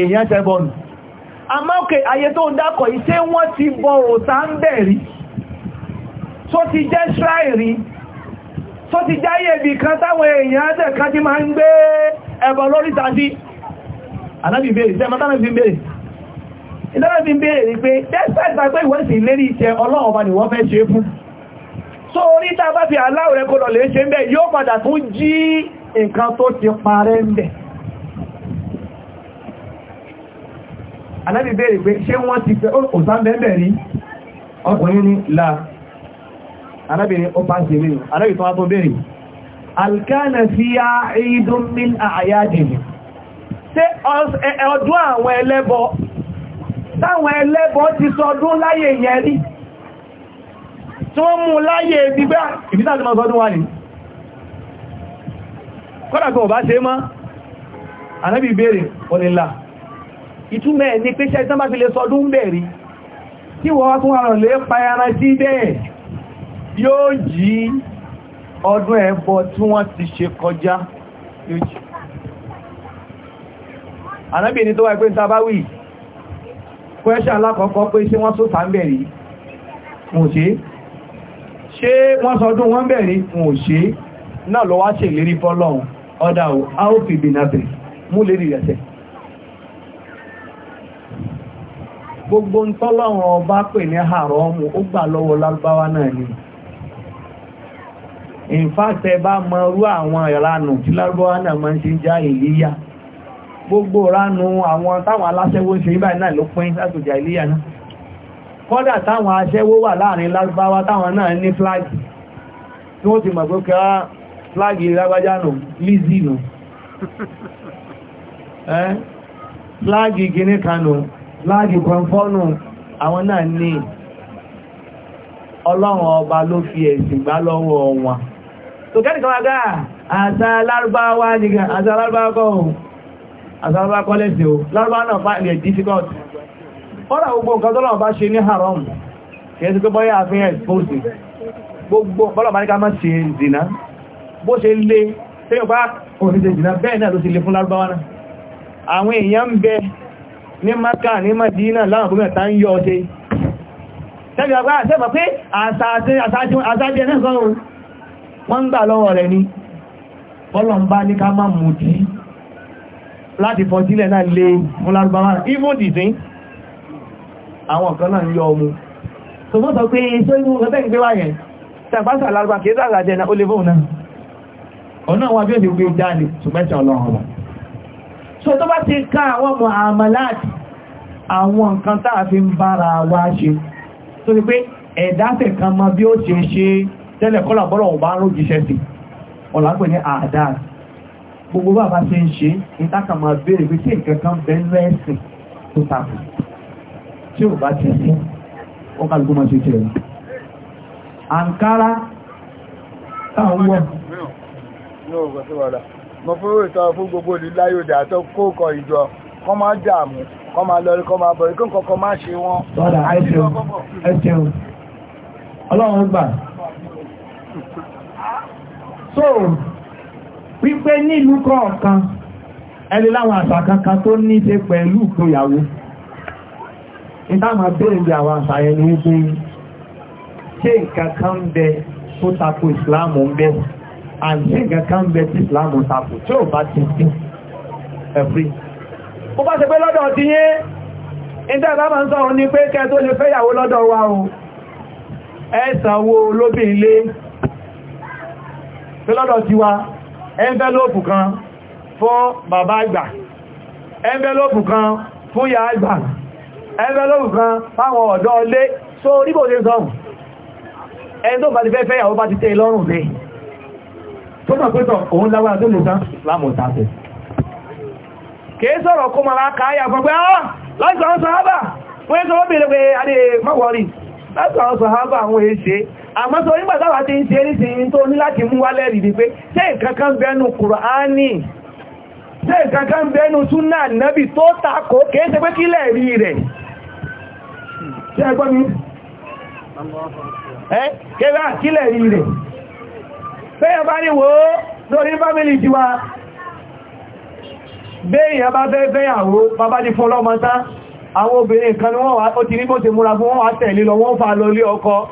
èyàn ṣe bọ́nù àmọ́kè ayé tó dákọ̀ iṣẹ́ wọ́n ti bọ òsà ń bẹ̀ rí tó ti jẹ́ ṣráì tó ti jáyé ibì kan táwọn èèyàn tẹ̀ kan ti máa ń gbé ẹbọ lórí tàbí alábìbèrè tẹ́ ìdára bí bèèrè pé tẹ́sàgbà pé ìwọ́n sì lérí iṣẹ́ ọlọ́run ọba ni wọ́n fẹ́ ṣe fún so orí tá bá fi aláwọ̀ rẹ̀ kó lọ lè ṣe ń bẹ̀ yóò padà tún jí nǹkan tó ti parẹ́ ń bẹ̀ alábi bèèrè pé ṣé wọ́n ti fẹ́ òsánbẹ̀ẹ́bẹ̀ rí ọkùnrin ní la alábìnrin ó bá ṣe mẹ́rin alábi tó wá tó bèèrè alkana fi ya ìdún min àyájẹ̀ ọdún àwọn ẹlẹ́bọ táwọn ẹlẹ́bọ ti sọdún láyé yẹn rí tí wọ́n mú láyé gbígbá ìbítà tí wọ́n sọdún wà ní kọ́dàkọ́ bá ṣe mọ́ anábì bèèrè ọlẹ́lá ìtumẹ̀ ní pé ṣe ìtànbà fi lè sọdún bẹ̀rí tí wọ́n tún àrùn lè payara sí bẹ́ẹ̀ yóò jí ọdún ẹbọ tí wọ́n ti ṣe kọjá yóò jí anábì ní tó wà pé ń tabáwì kwẹ́ṣẹ́ alákọ̀ọ́kọ́ pé ṣé wọ́n tó fà ń bẹ̀rí ṣe ṣé wọ́n sọdún wọ́n bẹ̀rẹ̀ wọ́n náà lọ wá ṣe ìlérí fọ́lọ́run ọdá o a ó fi bìnàbìrì mú lérí rẹ̀ṣẹ̀ gbogbo ń tọ́lọ́run ọba pè ní àrọ́mù ó gbà lọ́wọ́ lárúbáwá náà ni bá àwọn tí lárúbáwá náà máa ń ṣe já ìlíyà gbogbo ránú àwọn táwọn aláṣẹ́wó ṣe ibáyìí náà ló pín látòjà iléyà náà kọ́dà táwọn aṣẹ́wó wà láàrin lárúbáwá táwọn náà ní flagi tí wọ́n ti mọ̀ pé flagi lágbájá nù lizzy nù flagi gíní kanù flagi kọ̀ǹfọ́nù àwọn náà ní ọlọ́run ọba ló fi ẹ̀sìn gbá lọ́wọ́ wọn tó kẹ́ àtàwọn kọ́lẹ̀sì o lárúbá náà bá ilẹ̀ difficult ọ́rà gbogbo nǹkan tó lọ́wọ́ bá ṣe ní haram kìí sí pé bọ́yá àfihàn expose gbogbo bọ́lọ̀bá ní ká má ṣe zìnà bó ṣe lé tí ó bá òní ṣe zìnà bẹ́ẹ̀ náà ló ti lè fún lárúbáwá náà àwọn èèyàn ń bẹ ní Maka ní Madina láwọn gómìnà tá ń yọ ọdẹ tẹ́lẹ̀ ọgbà àṣẹ́fà pé wọ́n ń gbà lọ́wọ́ rẹ̀ ni bọ́lọ̀ ní ká má mú dìí láti fọ́sílẹ̀ náà lè mú lárúbáwá even dìsín àwọn kan náà ń yọ ọmọ so mọ́ sọ pé ṣó ìwú ọ̀tẹ́ ìgbé wà yẹn tàbásà lárúbá kìí sáà àjẹ́ náà ó lè fóun náà ọ̀nà wọn bí ó ti gbé jáde ṣùgbẹ́sẹ̀ ọlọ́run wọn so tó bá ti ká àwọn ọmọ àmàláàtì àwọn nǹkan táà fi ń bára wa ṣe tó ti pé ẹ̀dá tẹ̀kan mọ bí ó ṣe ṣe tẹ́lẹ̀ kọ́lá bọ́lọ̀ ọ̀bá ń rò jíṣẹ́ gbogbo bá bá ṣe ń ṣe ní tákà máa béèrè pé tí nǹkan kan bẹ ń rẹ́ẹ̀sìn tó tàbí tí ò bá ti sí wọ́n kálukú máa ṣe tẹ̀lé àǹkárá táwọn wọ̀ ní ọgbọ̀ sí wọ́dá mo fún ìtọ́ fún gbogbo ìláyò dà tó kókọ ìjọ kọ́ máa dààmú kọ́ máa lọ rí kọ́ máa bọ̀ ikú kọ́kọ́ máa wọ́n so wípé nílùú kọ̀ọ̀kan ẹni láwọn àṣà kankan tó ní ṣe pẹ̀lú ìgbéyàwó ìtàmà bèèrè bí àwọn àṣà yẹn ní wípé ṣe nǹkankan bẹ tó tako ìsìláàmù ń bẹ àti nǹkankan bẹ tí ìsìláàmù tako tí ó bá ti sí ẹ̀frí ó bá ṣe pé lọ́dọ̀ ti yé wa o ẹ̀sàn lọ́dọ̀ ti wa envelope kan fún bàbá àgbà envelope kan fún ya àgbà envelope kan fáwọn ọ̀dọ́ lé so orígbò lè sọ́rùn ẹni tó bá ti fẹ́ fẹ́ ìyàwó bá ti tẹ́ lọ́rùn rẹ̀ tó mọ̀ pẹ́tọ̀ òun lágbára tó lè kìí sọ̀rọ̀ kó mara káyà fún pé ah, àmọ́ tó nígbà táwa ti ń ṣe nísìnyí tó ní láti mú wálẹ̀ rí pé ṣé nǹkan kan bẹnu Kùránì ṣé nǹkan kan bẹnu súnà nábì tó takò kìí ṣe pé kílẹ̀ rí rẹ̀ ṣé ẹ gbọ́ mi ẹ́ kẹwà kílẹ̀ rí rẹ̀ fẹ́yẹ̀ bá ní wo lórí fámílì jíwa béèyàn bá fẹ́ fẹ́yàwó bàbá ní fọ́lọ́mọ́ta àwọn obìnrin kan ni wọ́n wá ó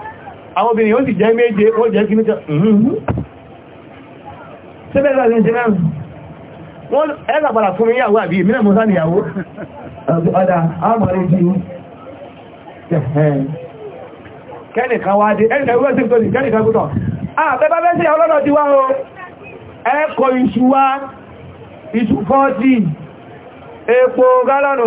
àwọn obìnrin ó sì jẹ́ méje ó jẹ́ kí ní jẹ́ mhm. ẹgbàgbàrà fún mi yàwó àbí ìmìnà mọ́sá ni yàwó ọ̀dá àmàrí jí kẹ́nìkan wá dé ẹnìkan wọ́n sí tóní kẹ́nìkan gútọ̀ àbẹ́bá bẹ́ sí ọlọ́dọ̀ ti wá o ẹkọ̀ iṣu wá iṣu 40 epo gálọ́nù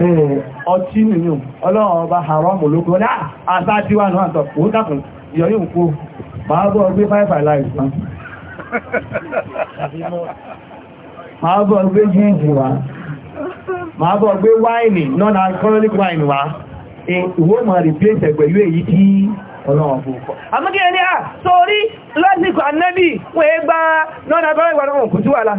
Eh, ọtí nìyàn ọlọ́run ọba haram ológun ọlá àtàtíwà náà Ọ òun dàpùn ìyọ̀ yóò kó máa bọ́ ọgbé 5 ma máa bọ́ ọgbé jíìjì wá máa bọ́ ọgbé wáìnì wine wá ìwó ma replace ẹgbẹ̀ ọlọ́run fún ọkọ̀ àmúkẹ́ ní à sórí lọ́sìkò annabi wọ́n gbá non-alcoholic wà láà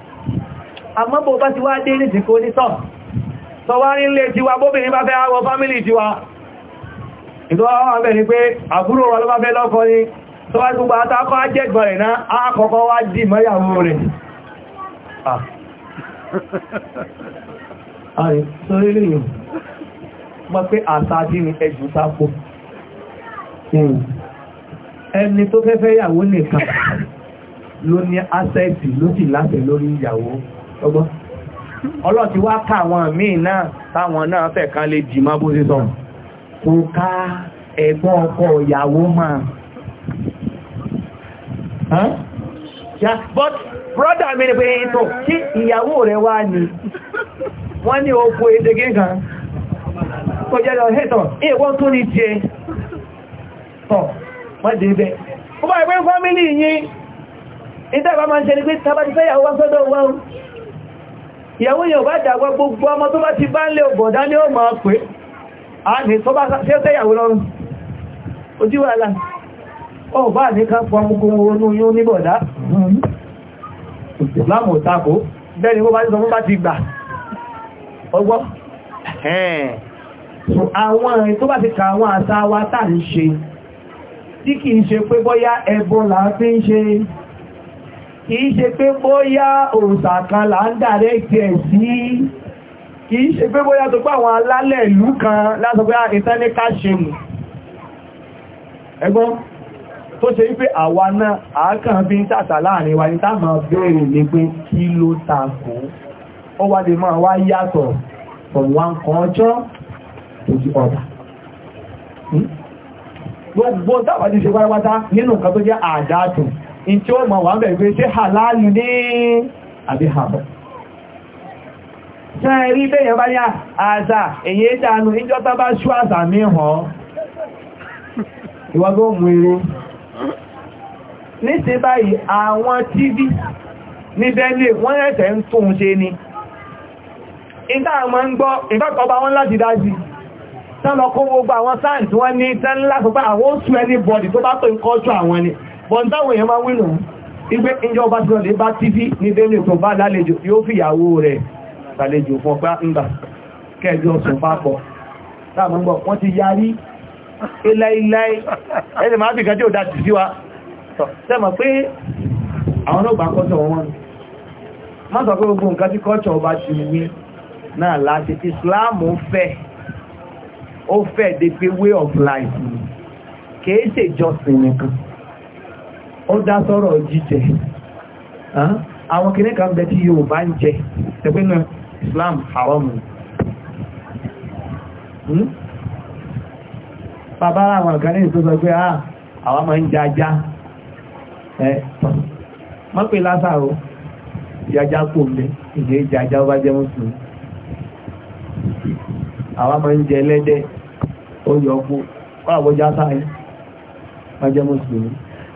àmọ́ bó bá ti wá dé ní ìsìnkú onítọ̀ sọ wá rí ilé tiwa bóbìnrin bá fẹ́ àwọ fámílì tiwa ìtọ́wà wà bẹ̀ ni pé àbúrò wà ló bá fẹ́ lọ́kọ ni tó wá gbogbo àtàkọ́ ajẹ́gbọ̀n rẹ̀ náà àkọ́kọ́ wá dì mọ́yàwó rẹ̀ hmm. ẹni tó fẹ́ fẹ́ yàwó nìkan ló ní asẹ́ẹ̀tì ló sì láṣẹ lórí ìyàwó ọgbọ́n ọlọ́ ti wá ká àwọn míì náà táwọn náà fẹ́ kan lè jì má bó sí sọ kò ká ẹ̀gbọ́n ọkọ ìyàwó máa but brother mi ni pé ètò tí ìyàwó rẹ̀ wá ní wọ́n ní oko edege kan kò jẹ́ lọ hẹ́tọ̀ èèwọ́n tó ní jẹ tọ̀ wọ́n dé bẹ́ ó bá ẹgbẹ́ fámílì yìí ìtẹ́bà máa ń ṣe ní pé tàbátí fẹ́ ìyàwó wá sọ́dọ̀ wọ́n ìyàwó yẹn bá dàgbà gbogbo ọmọ tó bá ti bá ń lè ọgbọ̀dá ní ọmọ pé a ní tó bá sẹ́sẹ́ ìyàwó lọ́rùn ojíwàlá ọba ní ká fọ ọmọkùn oónú yóò ní bọ̀dá ìsìlámù tako bẹ́ni wọ́n bá sọ fún bá ti gbà ọgbọ́ àwọn ẹ̀rìn tó bá ti ka àwọn àṣà wa tà ń ṣe tí kìí ṣe pé bọ́yá ẹbọ là ń fi ń ṣe kìí ṣe pé bóyá òrùsà kan là ń dàrẹ́ ìtẹ̀ sí kìí ṣe pé bóyá tó pà àwọn alálẹ̀ ìlú kan lásọ pé ah, ìtẹ́ ní káṣẹ̀mù ẹgbọ́n tó ṣe wípé àwa náà àákàn bí ń tàtà láàrin wa ní táàmà bèèrè ní pé kí ló takò ó wá lè máa wá yàtọ̀ from one culture to the other hmm? gbogbo tábàdí ṣe wáyé wátá nínú nǹkan tó jẹ́ àdátùn in tí ó mọ̀ wà bẹ̀ pé ṣe hàlálù ní àbí hàbọ̀ ṣe rí bẹ́yẹ̀ bá ní àṣà èyí ìdánù ìjọta bá ṣú àṣà mí hàn ìwọ́gbọ́ mú eré níṣe báyìí àwọn tv ní bẹ́lẹ̀ wọ́n ẹ̀ṣẹ̀ ń tún ṣe ni ìdá àwọn ń gbọ́ ìfẹ́kọ̀ọ́ bá wọ́n láti dájì tán lọ kó gbogbo àwọn sáàǹtì wọ́n ní tẹ́ńlá pípa àwọn oṣù ẹni bọ̀dì tó bá tó ń kọ́jú ni bọ́n táwọn èèyàn máa wínú igbé ìjọba tí wọ́n lè bá tífí ní bẹ́ẹ̀ni tó bá lálejò yóò fi ìyàwó rẹ̀ tàlejò fún ọpá ńgbà kẹjọ sùn papọ̀ láàmúgbọ̀ wọ́n ti yarí iláìláì ẹni ti ó fẹ́ dé pé way of life kìí nìkan ó dá sọ́rọ̀ jíjẹ àwọn kìnnì kan bẹ tí yóò bá ń jẹ tẹ́gbẹ́nà Islam haram hmm? bàbá àwọn kan ní ìtọ́sọ pé à àwọn ma ń jajá ẹ mọ́ pé lásàrò jajá kò lé ìdè jajá ó bá jẹ́ mùsùlùmí àwọn ma ń jẹ ẹlẹ́dẹ̀ ó yọ kú kọ́ àwọjá sáyé wọ́n jẹ́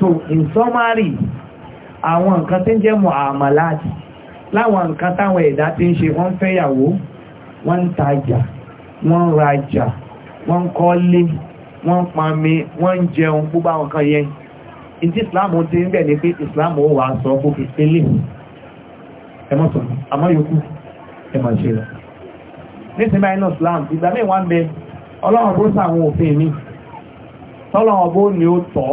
so in summary àwọn nǹkan tí ń jẹ́ muamalat láwọn nǹkan táwọn ẹ̀dá tí ń ṣe wọ́n fẹ́yàwó wọ́n ń tajà wọ́n ń rajà wọ́n ń kọ́lé wọ́n ń pami wọ́n ń jẹun gbogbo àwọn kan yẹn ìdí islam ti ń bẹ̀ ni pé islam ó wà sọ kó fi pélé ẹmọ́ sọ àmọ́ yòókù ẹmọ̀ ṣe rẹ̀ nísìnyí báyìí náà islam ìgbà mẹ́wàá ń bẹ ọlọ́run bó sàwọn òfin mi tọ́lọ́run bó ni ó tọ́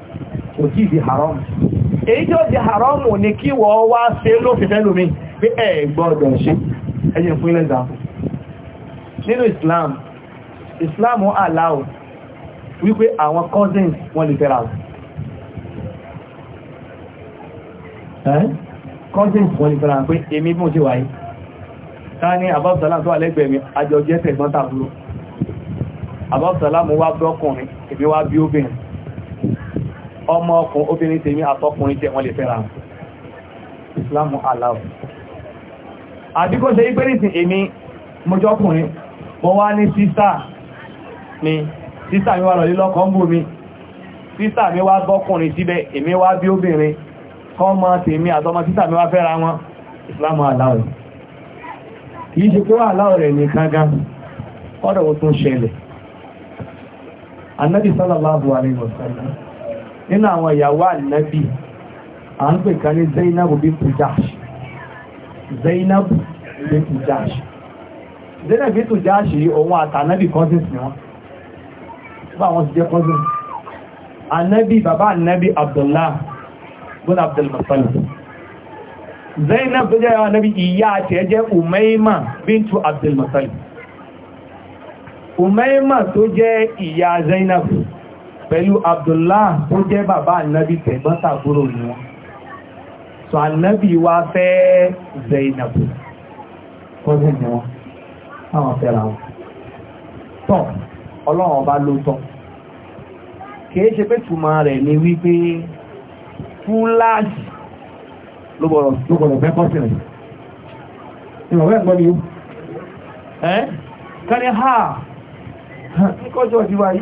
kò tí ìdí haram èyí tí ó di haram ní kí wọ́n wá ṣe ló fi fẹ́lú mi pé ẹ gbọ́dọ̀ ṣe ẹjìn fún ilẹ̀ ìzàkù nínú Islam Islam allow wípé àwọn cousins wọ́n lè fẹ́ra cousins wọ́n lè fẹ́ra pé bí mo ṣe wáyé táà ní àbábùsálà tó àlẹ́gbẹ̀ẹ́ mi àjọ jẹ́ tẹ̀gbọ́n tàbúrò mo wá bọ́kùnrin èmi wá bí obìnrin ọmọ ọkùn obìnrin tèmi àtọkùnrin tẹ wọ́n lè fẹ́ra islamu aláwọ̀ àdíkò ṣe ìgbérísì èmi mọ́jọ́kùnrin mọ́ wá ní sísà mi sísà mi wá lọ lílọ́kọ́ mú mi sísà mi wá bọ́kùnrin síbẹ̀ èmi wá bí obìnrin kọ́mọ tèmi àtọmọ sísà mi wá fẹ́ra wọn islamu aláwọ̀ kìí ṣe kó aláwọ̀ rẹ̀ nìkan gan kọ́dọ̀ ó tún ṣẹlẹ̀ annabi sallallahu alaihi wasallam nínú àwọn ìyàwó ànábì a ń pè kan ní Zainab bintu Jahsh Zainab bintu Jahsh Zainab bintu Jahsh òun àtànábì cousins ni wọ́n bá wọn ti jẹ́ cousins ànábì bàbá ànábì Abdullah bin Abdul Muttalib Zainab tó jẹ́ ànábì ìyá àti ẹjẹ́ Umayma bintu Abdul Muttalib Umayma tó jẹ́ ìyá Zainab pẹ̀lú Abdullah tó jẹ́ bàbá ànábì tẹ̀gbọ́n tàbúrò ni wọ́n so ànábì wá fẹ́ Zainab kọ́sìn ni wọ́n táwọn fẹ́ra wọn tọ́ ọlọ́run ọba ló tọ́ kìí ṣe pé túmọ̀ rẹ̀ ni wípé fúláàjì ló bọ̀rọ̀ fẹ́ kọ́sìn rẹ̀ ìrọ̀wẹ́ ẹ̀gbọ́n ni ó ẹ́ kẹ́ni ha ní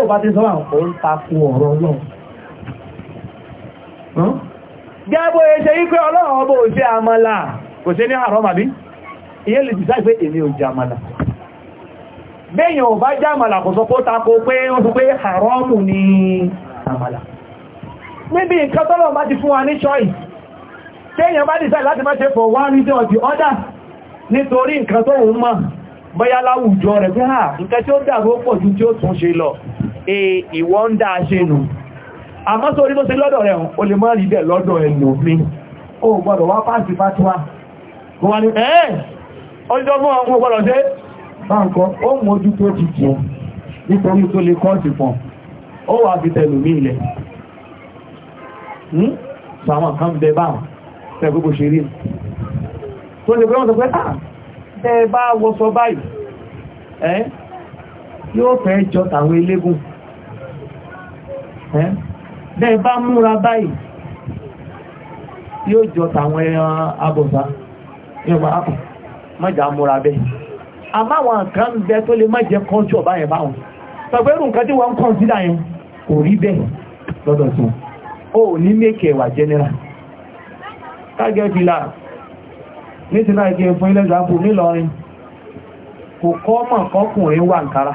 tó bá ti sọ́wà ó ń takò ọ̀rọ̀ ọlọ́run gẹ́gbó ẹṣẹ́ yí pé ọlọ́run ọbọ̀ òṣè àmàlà kò ṣe ní àrọ́ màbí ìyẹ́ lè dìsáì pé èmi ò jàmàlà bẹ́yàn ò bá jàmàlà kò sọ pé ó takò pé ó sọ pé àrọ́mù ni àmàlà níbi nǹkan tọ́lọ̀ bá ti fún wa choice tẹ́yàn bá dìsáì láti má ṣe for one reason or the other nítorí nǹkan tó ń mọ̀ bọ́yá láwùjọ rẹ̀ pé à ah, nǹkan tí ó dàgbó pọ̀ ju tí ó tún ṣe lọ ìwọ ń dáa ṣe nù àmọ́ sórí ló ṣe lọ́dọ̀ rẹ̀ o lè mọ́ rí bẹ̀ lọ́dọ̀ ẹ̀lò mi o gbọ́dọ̀ wá pàṣì fàtíwá kò wá ní ẹ́ ọjọ́ mọ́ ọmọ gbọ́dọ̀ ṣe báǹkọ́ ó mójú tó ti kí nítorí tó lè kọ́ sí fún ó wà fi tẹ̀lù mí ilẹ̀ hmm? sàwọn kan bẹ bá tẹ̀ gbogbo ṣe rí ah, yóò fẹ́ jọ tàwọn elégún bẹ́ẹ̀ bá múra báyìí yóò jọ tàwọn ẹran abọ̀sá yọba ápù mọ́jà múra bẹ́ẹ̀ àmá àwọn nǹkan bẹ tó lè má jẹ kọ́ńtọ̀ báyẹn báwọn pẹ̀pẹ́rù nǹkan tí wọ́n ń kọ́ńsídà yẹn kò rí bẹ́ẹ̀ lọ́dọ̀ tí O ní mẹ́kẹ̀ wà kágẹ́ fìlà nkara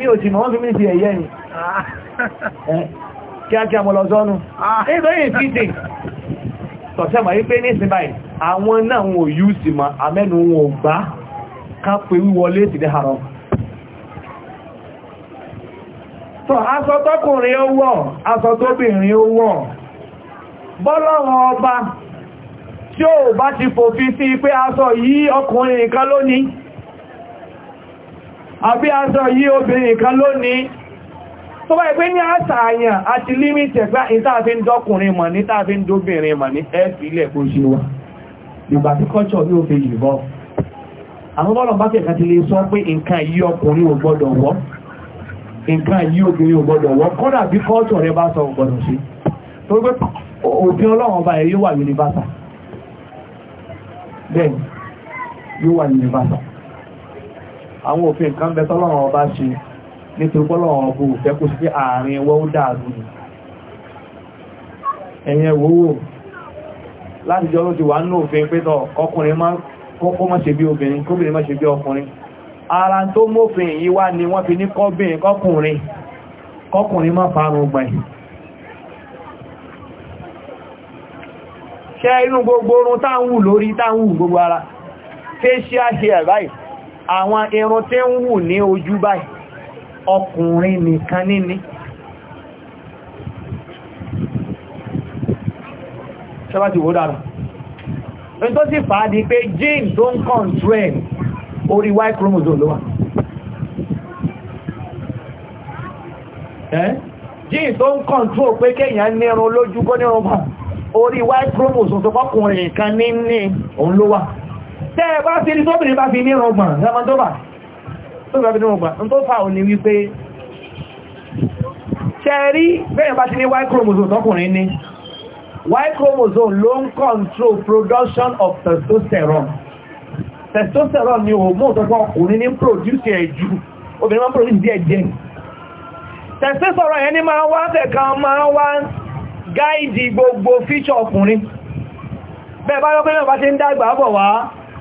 e ò jìmọ̀ fi mí ah. eh, ah. sí ẹ̀yẹ́ ni kíákíá mọ́ lọ sọ́nù tọ̀sẹ́mà yí pé ní ìsìn awọn àwọn náà wọn ma àmẹ́nu wọn ò gbá ká pé wíwọlé sí haram ọba tí ó bá ti fòfin sí àbí aṣọ yí obìnrin kan lónìí tó bá ìpé ní àṣàyàn àti límìtì ẹ̀gbá ìtàfin dọ́kùnrin mọ̀ ní tàfin dóbìnrin mọ̀ ní ẹ̀fì ilẹ̀ kó ṣe wà ìgbà tí kọ́ṣọ̀ ní ó fi yìnbọ́ àwọn bọ́lọ̀ bá kẹ̀kà ti lè sọ pé nǹkan yí ọkùnrin ò gbọ́dọ̀ wọ̀ nǹkan yí obìnrin ò gbọ́dọ̀ wọ̀ kọ́dà bí kọ́ṣọ̀ rẹ bá sọ gbọ́dọ̀ sí torí pé òfin ọlọ́run ọba ẹ̀ yóò wà universal bẹ́ẹ̀ yóò wà universal àwọn òfin kan bẹ tọ́lọ́run ọba ṣe nítorí pọ́lọ́run ọba ò fẹ́ kó sí pé àárín wọ́n ó dàrú ni ẹ̀yìn ẹ̀wòwò láti jọ ló ti wà nínú òfin pétọ̀ ọkùnrin má kọ́kọ́ má ṣe bí obìnrin kóbìnrin má ṣe bí ọkùnrin ara tó mófin yìí wá ni wọ́n fi ní kọ́bìnrin kọ́kùnrin kọ́kùnrin má farun gbà yìí ṣe inú gbogbo orun táwọn wù lórí táwọn wù gbogbo ara facial hair báyìí àwọn irun tí ń wù ní ojú báyìí ọkùnrin nìkan níní ṣẹ́bá ti wó dára ẹni tó sì fàá di pé gene tó ń control orí y chromosome ló wà gene tó ń control pé kéèyàn nírun lójú kó nírun bá orí y chromosome tó kọkùnrin nìkan níní òun ló wà tẹ́ ẹ bá fi ní tóbìnrin bá fi ní rọgbọ̀n ramadova tó bá fi ní rọgbọ̀n n tó fà ò ní wípé ṣẹ́rí bẹ́ẹ̀ bá ti ní y chromosome tọkùnrin ní y chromosome ló ń control production of testosterone testosterone ni hormone tọ́pọ̀ ọkùnrin ní produce ẹ̀ jù obìnrin máa produce díẹ̀ díẹ̀ testosterone ẹni máa wá tẹ̀kan máa wá gáìdì gbogbo feature ọkùnrin bẹ́ẹ̀ bá yọ́ pé mẹ́bàá ti ń dàgbà bọ̀ wá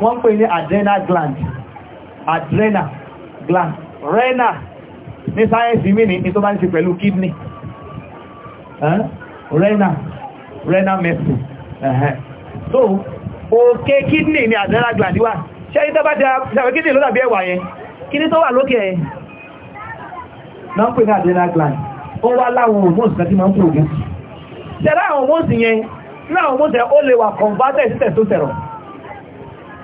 wọ́n pè ní adrenal gland adrenal gland renal ní sáyẹ́nsì mìíní ní tó bá ń ṣe pẹ̀lú kidney renal renal medicine so òkè kidney ni adrenal gland wà ṣe ní tó bá ṣe kidney ló dàbí ẹ̀wà yẹn kidney tó wà lókè ẹ̀ náà pè ní adrenal gland ó wá láwọn hormones kan tí ma ń pòrò gẹ́sì tẹ́lá àwọn hormones yẹn ní àwọn hormones yẹn ó lè wà converted testosterone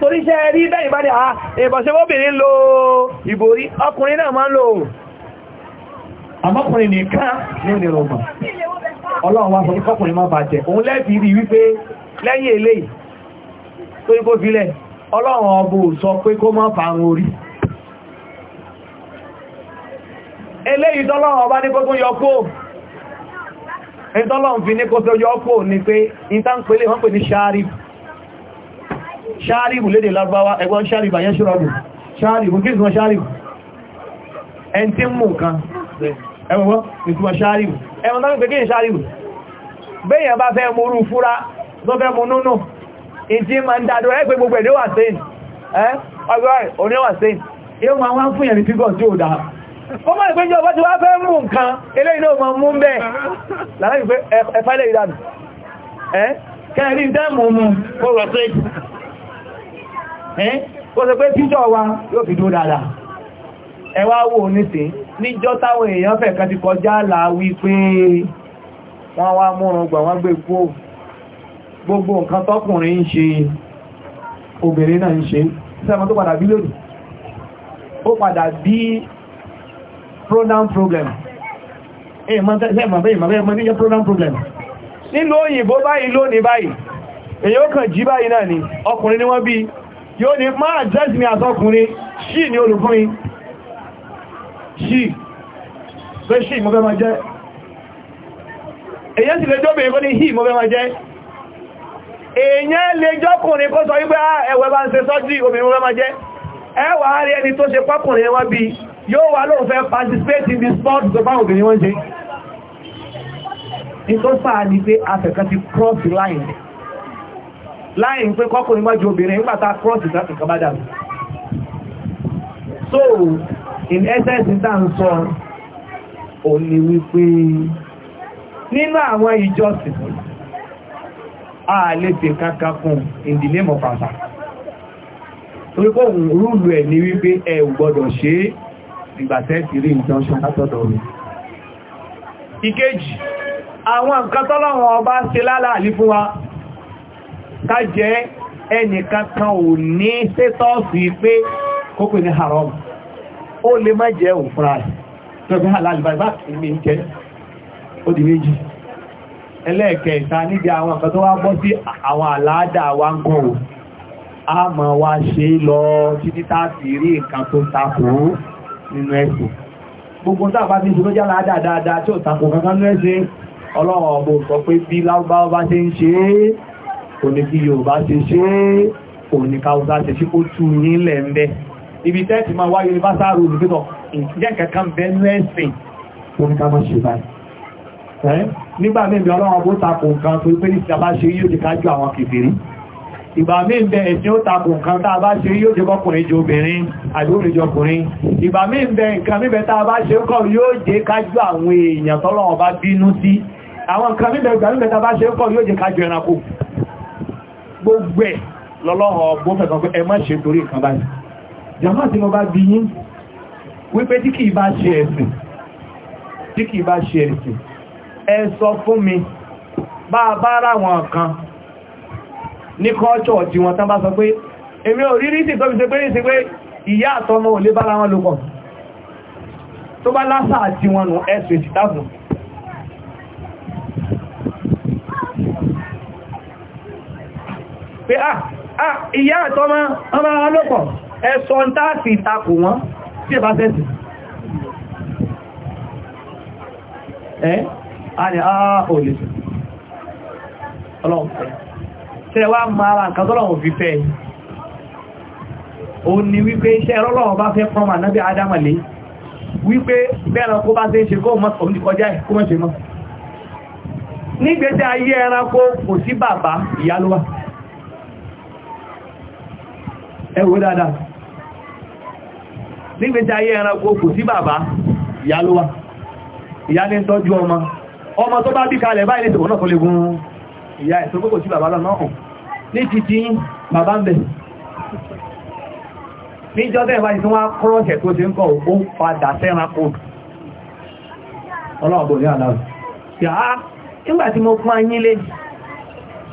torí iṣẹ́ rí bẹ́yìn bá ní à ah, ìbọ̀sẹ̀wọ́bìnrin lo ìbòrí ọkùnrin náà máa ń lò àmọ́kùnrin nìkan ní ìrọ̀mà ọlọ́run wá sọ pé kọkùnrin má bàjẹ́ òun lẹ́bí rí wípé lẹ́yìn èlé tó ikó filẹ̀ ọlọ́run ọbọ̀ sọ pé kó má fàrún orí eléyìí tọ́lọ́run ọba ní kókó yọ kó ìtọ́lọ́run fi ní ṣáàrìbù lédè Lárúbáwá ẹgbọ́n ṣáàrìbù àyẹ́ ṣúrọ̀bù ṣáàrìbù kí ìsúnmọ̀ ṣáàrìbù ẹn tí ń mú nǹkan ẹwọ́n ìsúnmọ̀ ṣáàrìbù ẹwọ́n tó ń pè kí ìṣáàrìbù bẹ́yàn bá fẹ́ mú rú fúra tó fẹ́ mú núnú ìjí ma ń dádọ́ ẹgbẹ́ gbogbo ẹ̀dẹ́ wà sẹ́yìn ọgbẹ́ òní wà sẹ́yìn yóò máa wá fún yẹ̀rí fígọ̀ tí ó dáa ó mọ́ ìpéjọ bá ti wá fẹ́ mú nǹkan eléyìí náà máa mú bẹ́ẹ̀ lára ìpé ẹ̀fẹ́lẹ̀ ìdánù ẹ́ kẹrin tẹ́ mú mú kó rọ̀ ó sọ pé fíjọ wa yóò fi dúró dáadáa ẹ wá wò nísìn níjọ́ táwọn èèyàn fẹ́ kan ti kọjá là wípé wọ́n wá múrun gbà wọ́n gbé kú gbogbo nǹkan tọ́kùnrin ń ṣe obìnrin náà ń ṣe sẹ́mọ́ tó padà bí lónìí ó padà bí pronoun problem nílò òyìnbó báyìí lónìí báyìí èyí ó kàn jí báyìí náà ni ọkùnrin ni wọ́n bí yóò ní máa address mi àtọkùnrin ṣì ní olùfúnrin ṣì pé ṣì mọ́fẹ́ máa jẹ́ èyẹ́ sì lè jọ́bìnrin kó ní hì mọ́fẹ́ máa jẹ́ èyẹ́ lè jọ́kùnrin kó sọ wípé ah, ẹwẹ́ bá ń ṣe sọ́jú obìnrin mọ́fẹ́ máa jẹ́ ẹwà rí ẹni tó ṣe pákùnrin wọ́n bí yóò wà lóò fẹ́ participate in the sport tó bá obìnrin wọ́n ṣe ní tó sáà ní pé afẹ́kan ti cross the line láì ń pé kọ́kùnrin wájú obìnrin nígbàtà crosses láti kọbádà so in essence ta ń sọ ò ní wípé nínú àwọn ìjọsìn a lè fi kankan fún in the name of Allah torí pé òun rúlù ẹ̀ ní wípé ẹ gbọ́dọ̀ ṣe ìgbàtẹ́ ti rí injunction látọ̀dọ̀ rẹ̀ ìkejì àwọn nǹkan tọ́lọ́wọ́n ọba ṣe lálàálí fún ká jẹ́ ẹnìkan kan ò ní sétọ́ọ̀sì pé kókò ní haram ó lè má jẹ́ òfúnra rẹ̀ tó bí halal bá ìmì jẹ́ ó di méjì ẹlẹ́ẹ̀kẹta níbi àwọn nǹkan tó wá bọ́ sí àwọn àláádà wa ń kọ́ a mọ̀ wá ṣe lọ títí táàfì rí nǹkan tó takò nínú ẹ̀sùn gbogbo tàbá ti ṣe jẹ́ àláádà tí ò takò kankan nínú ẹ̀sìn ọ̀bọ̀ sọ pé bí lárúbáwá bá ṣe ń ṣe é òní kí Yorùbá ṣe ṣe òní káwùsá ṣe ṣe ó tú nílẹ̀ ń bẹ ibi tẹ́ẹ̀tì máa wá universal rule pítọ̀ ìjẹ́ kankan bẹ́nu ẹ̀sìn òní ká mọ́ ṣe báyìí nígbà mẹ́bí ọlọ́run bó takò nǹkan tó pé ní ìjọba ṣe yóò jẹ kájú àwọn kìfìrí ìgbà míì bẹ ẹ̀sìn ó takò nǹkan tá a bá ṣe yóò jẹ ọkùnrin jẹ obìnrin àdúrin jẹ ọkùnrin ìgbà míì bẹ nǹkan míì bẹ tá bá ṣe kọ̀ yóò jẹ kájú àwọn èèyàn tọ́lọ́run bá bínú sí àwọn nǹkan míì bẹ ìgbà bá ṣe kọ̀ yóò jẹ kájú ẹranko gbogbo ẹ̀ lọ́lọ́wọ́ ọgbọ́n fẹ̀kan pé ẹ má ṣe torí nǹkan báyìí jàmá tí mo bá bí yín wípé tí kìí bá ṣe ẹ̀sìn tí kìí bá ṣe ẹ̀sìn ẹ sọ fún mi bá a bá ráwọn kan ní kọ́ọ̀tọ̀ tí wọ́n tán bá sọ pé èmi ò rírí sí tóbi ṣe pé ní sí pé ìyá àtọmọ ò lè bára wọn lókọ̀ tó bá lásà àti wọn nù ẹ̀sùn ìsìtáfún pé ah, ah ìyá àtọ́mọ ọmọ ọlọ́pọ̀ ẹ̀sọ ń táàfì ìtakò wọn tí ẹ bá sẹ́sì ẹ́ a ni a ah, ò lè ọlọ́run fẹ́ tẹ́ wá mara nǹkan tọ́lọ́run fi fẹ́ o ni wípé iṣẹ́ ọlọ́run bá fẹ́ pọ́nmà náà bí adámàlé wípé bẹ́ẹ̀rẹ̀ kó bá ṣe ṣe kó mọ́ nígbésẹ̀ ayé ẹranko kò sí bàbá ìyá ló wà ẹwọ dáadáa nígbèsí ayé ẹranko kò sí bàbá ìyá ló wá ìyá ní tọ́jú ọmọ ọmọ tó bá bí kalẹ̀ báyìí ní náà kò lè gun ìyá ẹ̀ tó kò sí bàbá lọ́nà ọ̀hún ní ti bàbá ń bẹ̀ níjọ́ tẹ́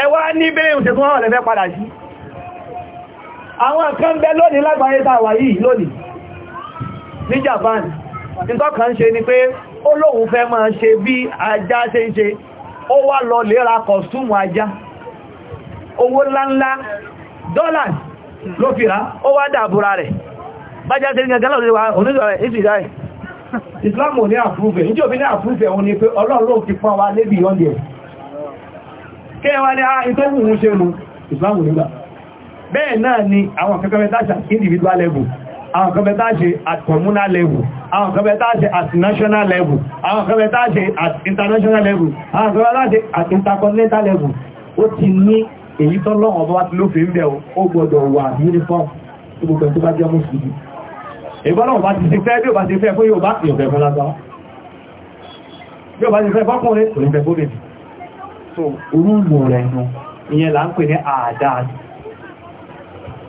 ẹwà ní bẹ́rẹ̀ òṣè tó wọ́n lẹ́fẹ́ padà sí àwọn kan bẹ lónìí lágbàáyé tàwà yìí Japan ni pé fẹ́ máa ṣe bí ajá ṣe ń ṣe ó wá lọ kọ̀stúmù ajá owó dọ́là ló ó wá dàbúra rẹ̀ bájá ni pé Ọlọ́run ló pọ́n kẹwà ní a ìtọ́ wù ú ṣe mú ni àwọn kẹkẹrẹta ṣe individual level àwọn kẹkẹrẹta ṣe at communal level àwọn kẹkẹrẹta ṣe at national level àwọn kẹkẹrẹta ṣe at international level àwọn kẹkẹrẹta ṣe at intercontinental level ó ti ní èyí tó lọ́wọ́ bá ti lófin bẹ̀ ó gbọ́dọ̀ wà uniform tó gbogbo tó bá jẹ́ mùsùlùmí ìbọ́lọ́wọ́ bá ti ṣe fẹ́ bí ò bá ti fẹ́ fún yóò bá so rúùlù rẹ̀ nù ìyẹn là ń pè ní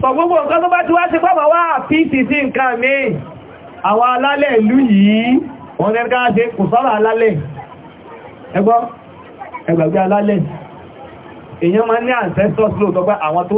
gbogbo nǹkan tó bá ti wá sí wá nǹkan mi àwọn alálẹ̀ ìlú yìí wọ́n ní ká ṣe kò sọ́rọ̀ alálẹ̀ ẹgbọ́ alálẹ̀ èyàn ní ancestors lóòtọ́ pé àwọn tó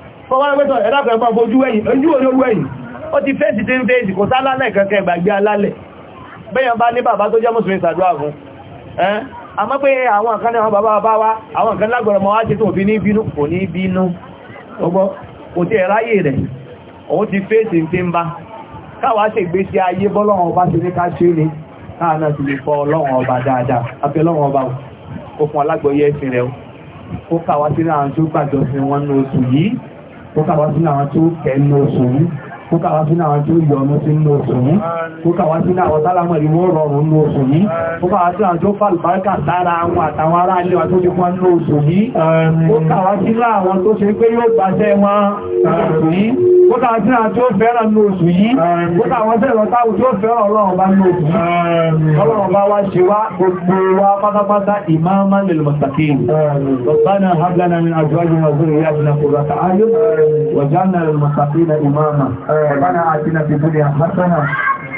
fọwọ́rẹ́gbẹ́tọ̀ ẹ̀dàkọ̀ ẹ̀kọ́ bojú wẹ́yìn ojú olówó ẹ̀yìn ó ti àmọ́ pé àwọn kan náà bàbá bá wá àwọn kan lágbọ̀rọ̀ mọ́ wá ṣe tó fi ní bínú kò ní bínú ọgbọ́ kò tí ẹ̀ráyè rẹ̀ òun ti fẹ́ẹ̀sì tí ń bá káwàá gbé sí ayé ọba ti ní kó sábà sínú àwọn tó kẹ́ ní oṣù yìí kúkà wá sínú àwọn tí ó yọ ọmọ sí inú oṣù yìí kúkà wá sínú àwọn tálámọ̀ ìwọ rọrùn inú oṣù yìí kúkà wá sí àwọn tó fàlùbáríkà sára àwọn àtàwọn ará ilé wa tó ti fún inú oṣù yìí kúkà wá sínú àwọn tó ṣe pé yóò gbàṣẹ́ wọn oṣù yìí kúkà wá sínú àwọn tó fẹ́ràn inú oṣù yìí kúkà wá sí ẹ̀rọ táwọn tó fẹ́ràn ọlọ́run bá inú oṣù yìí ọlọ́run bá wá ṣe wá ربنا آتنا في الدنيا حسنة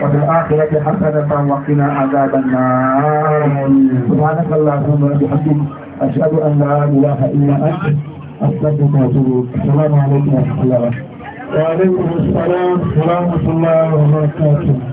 وفي الآخرة حسنة وقنا عذاب النار سبحانك اللهم وبحمدك أشهد أن لا إله إلا أنت أستغفرك وأتوب السلام عليكم ورحمة الله وعليكم السلام ورحمة الله وبركاته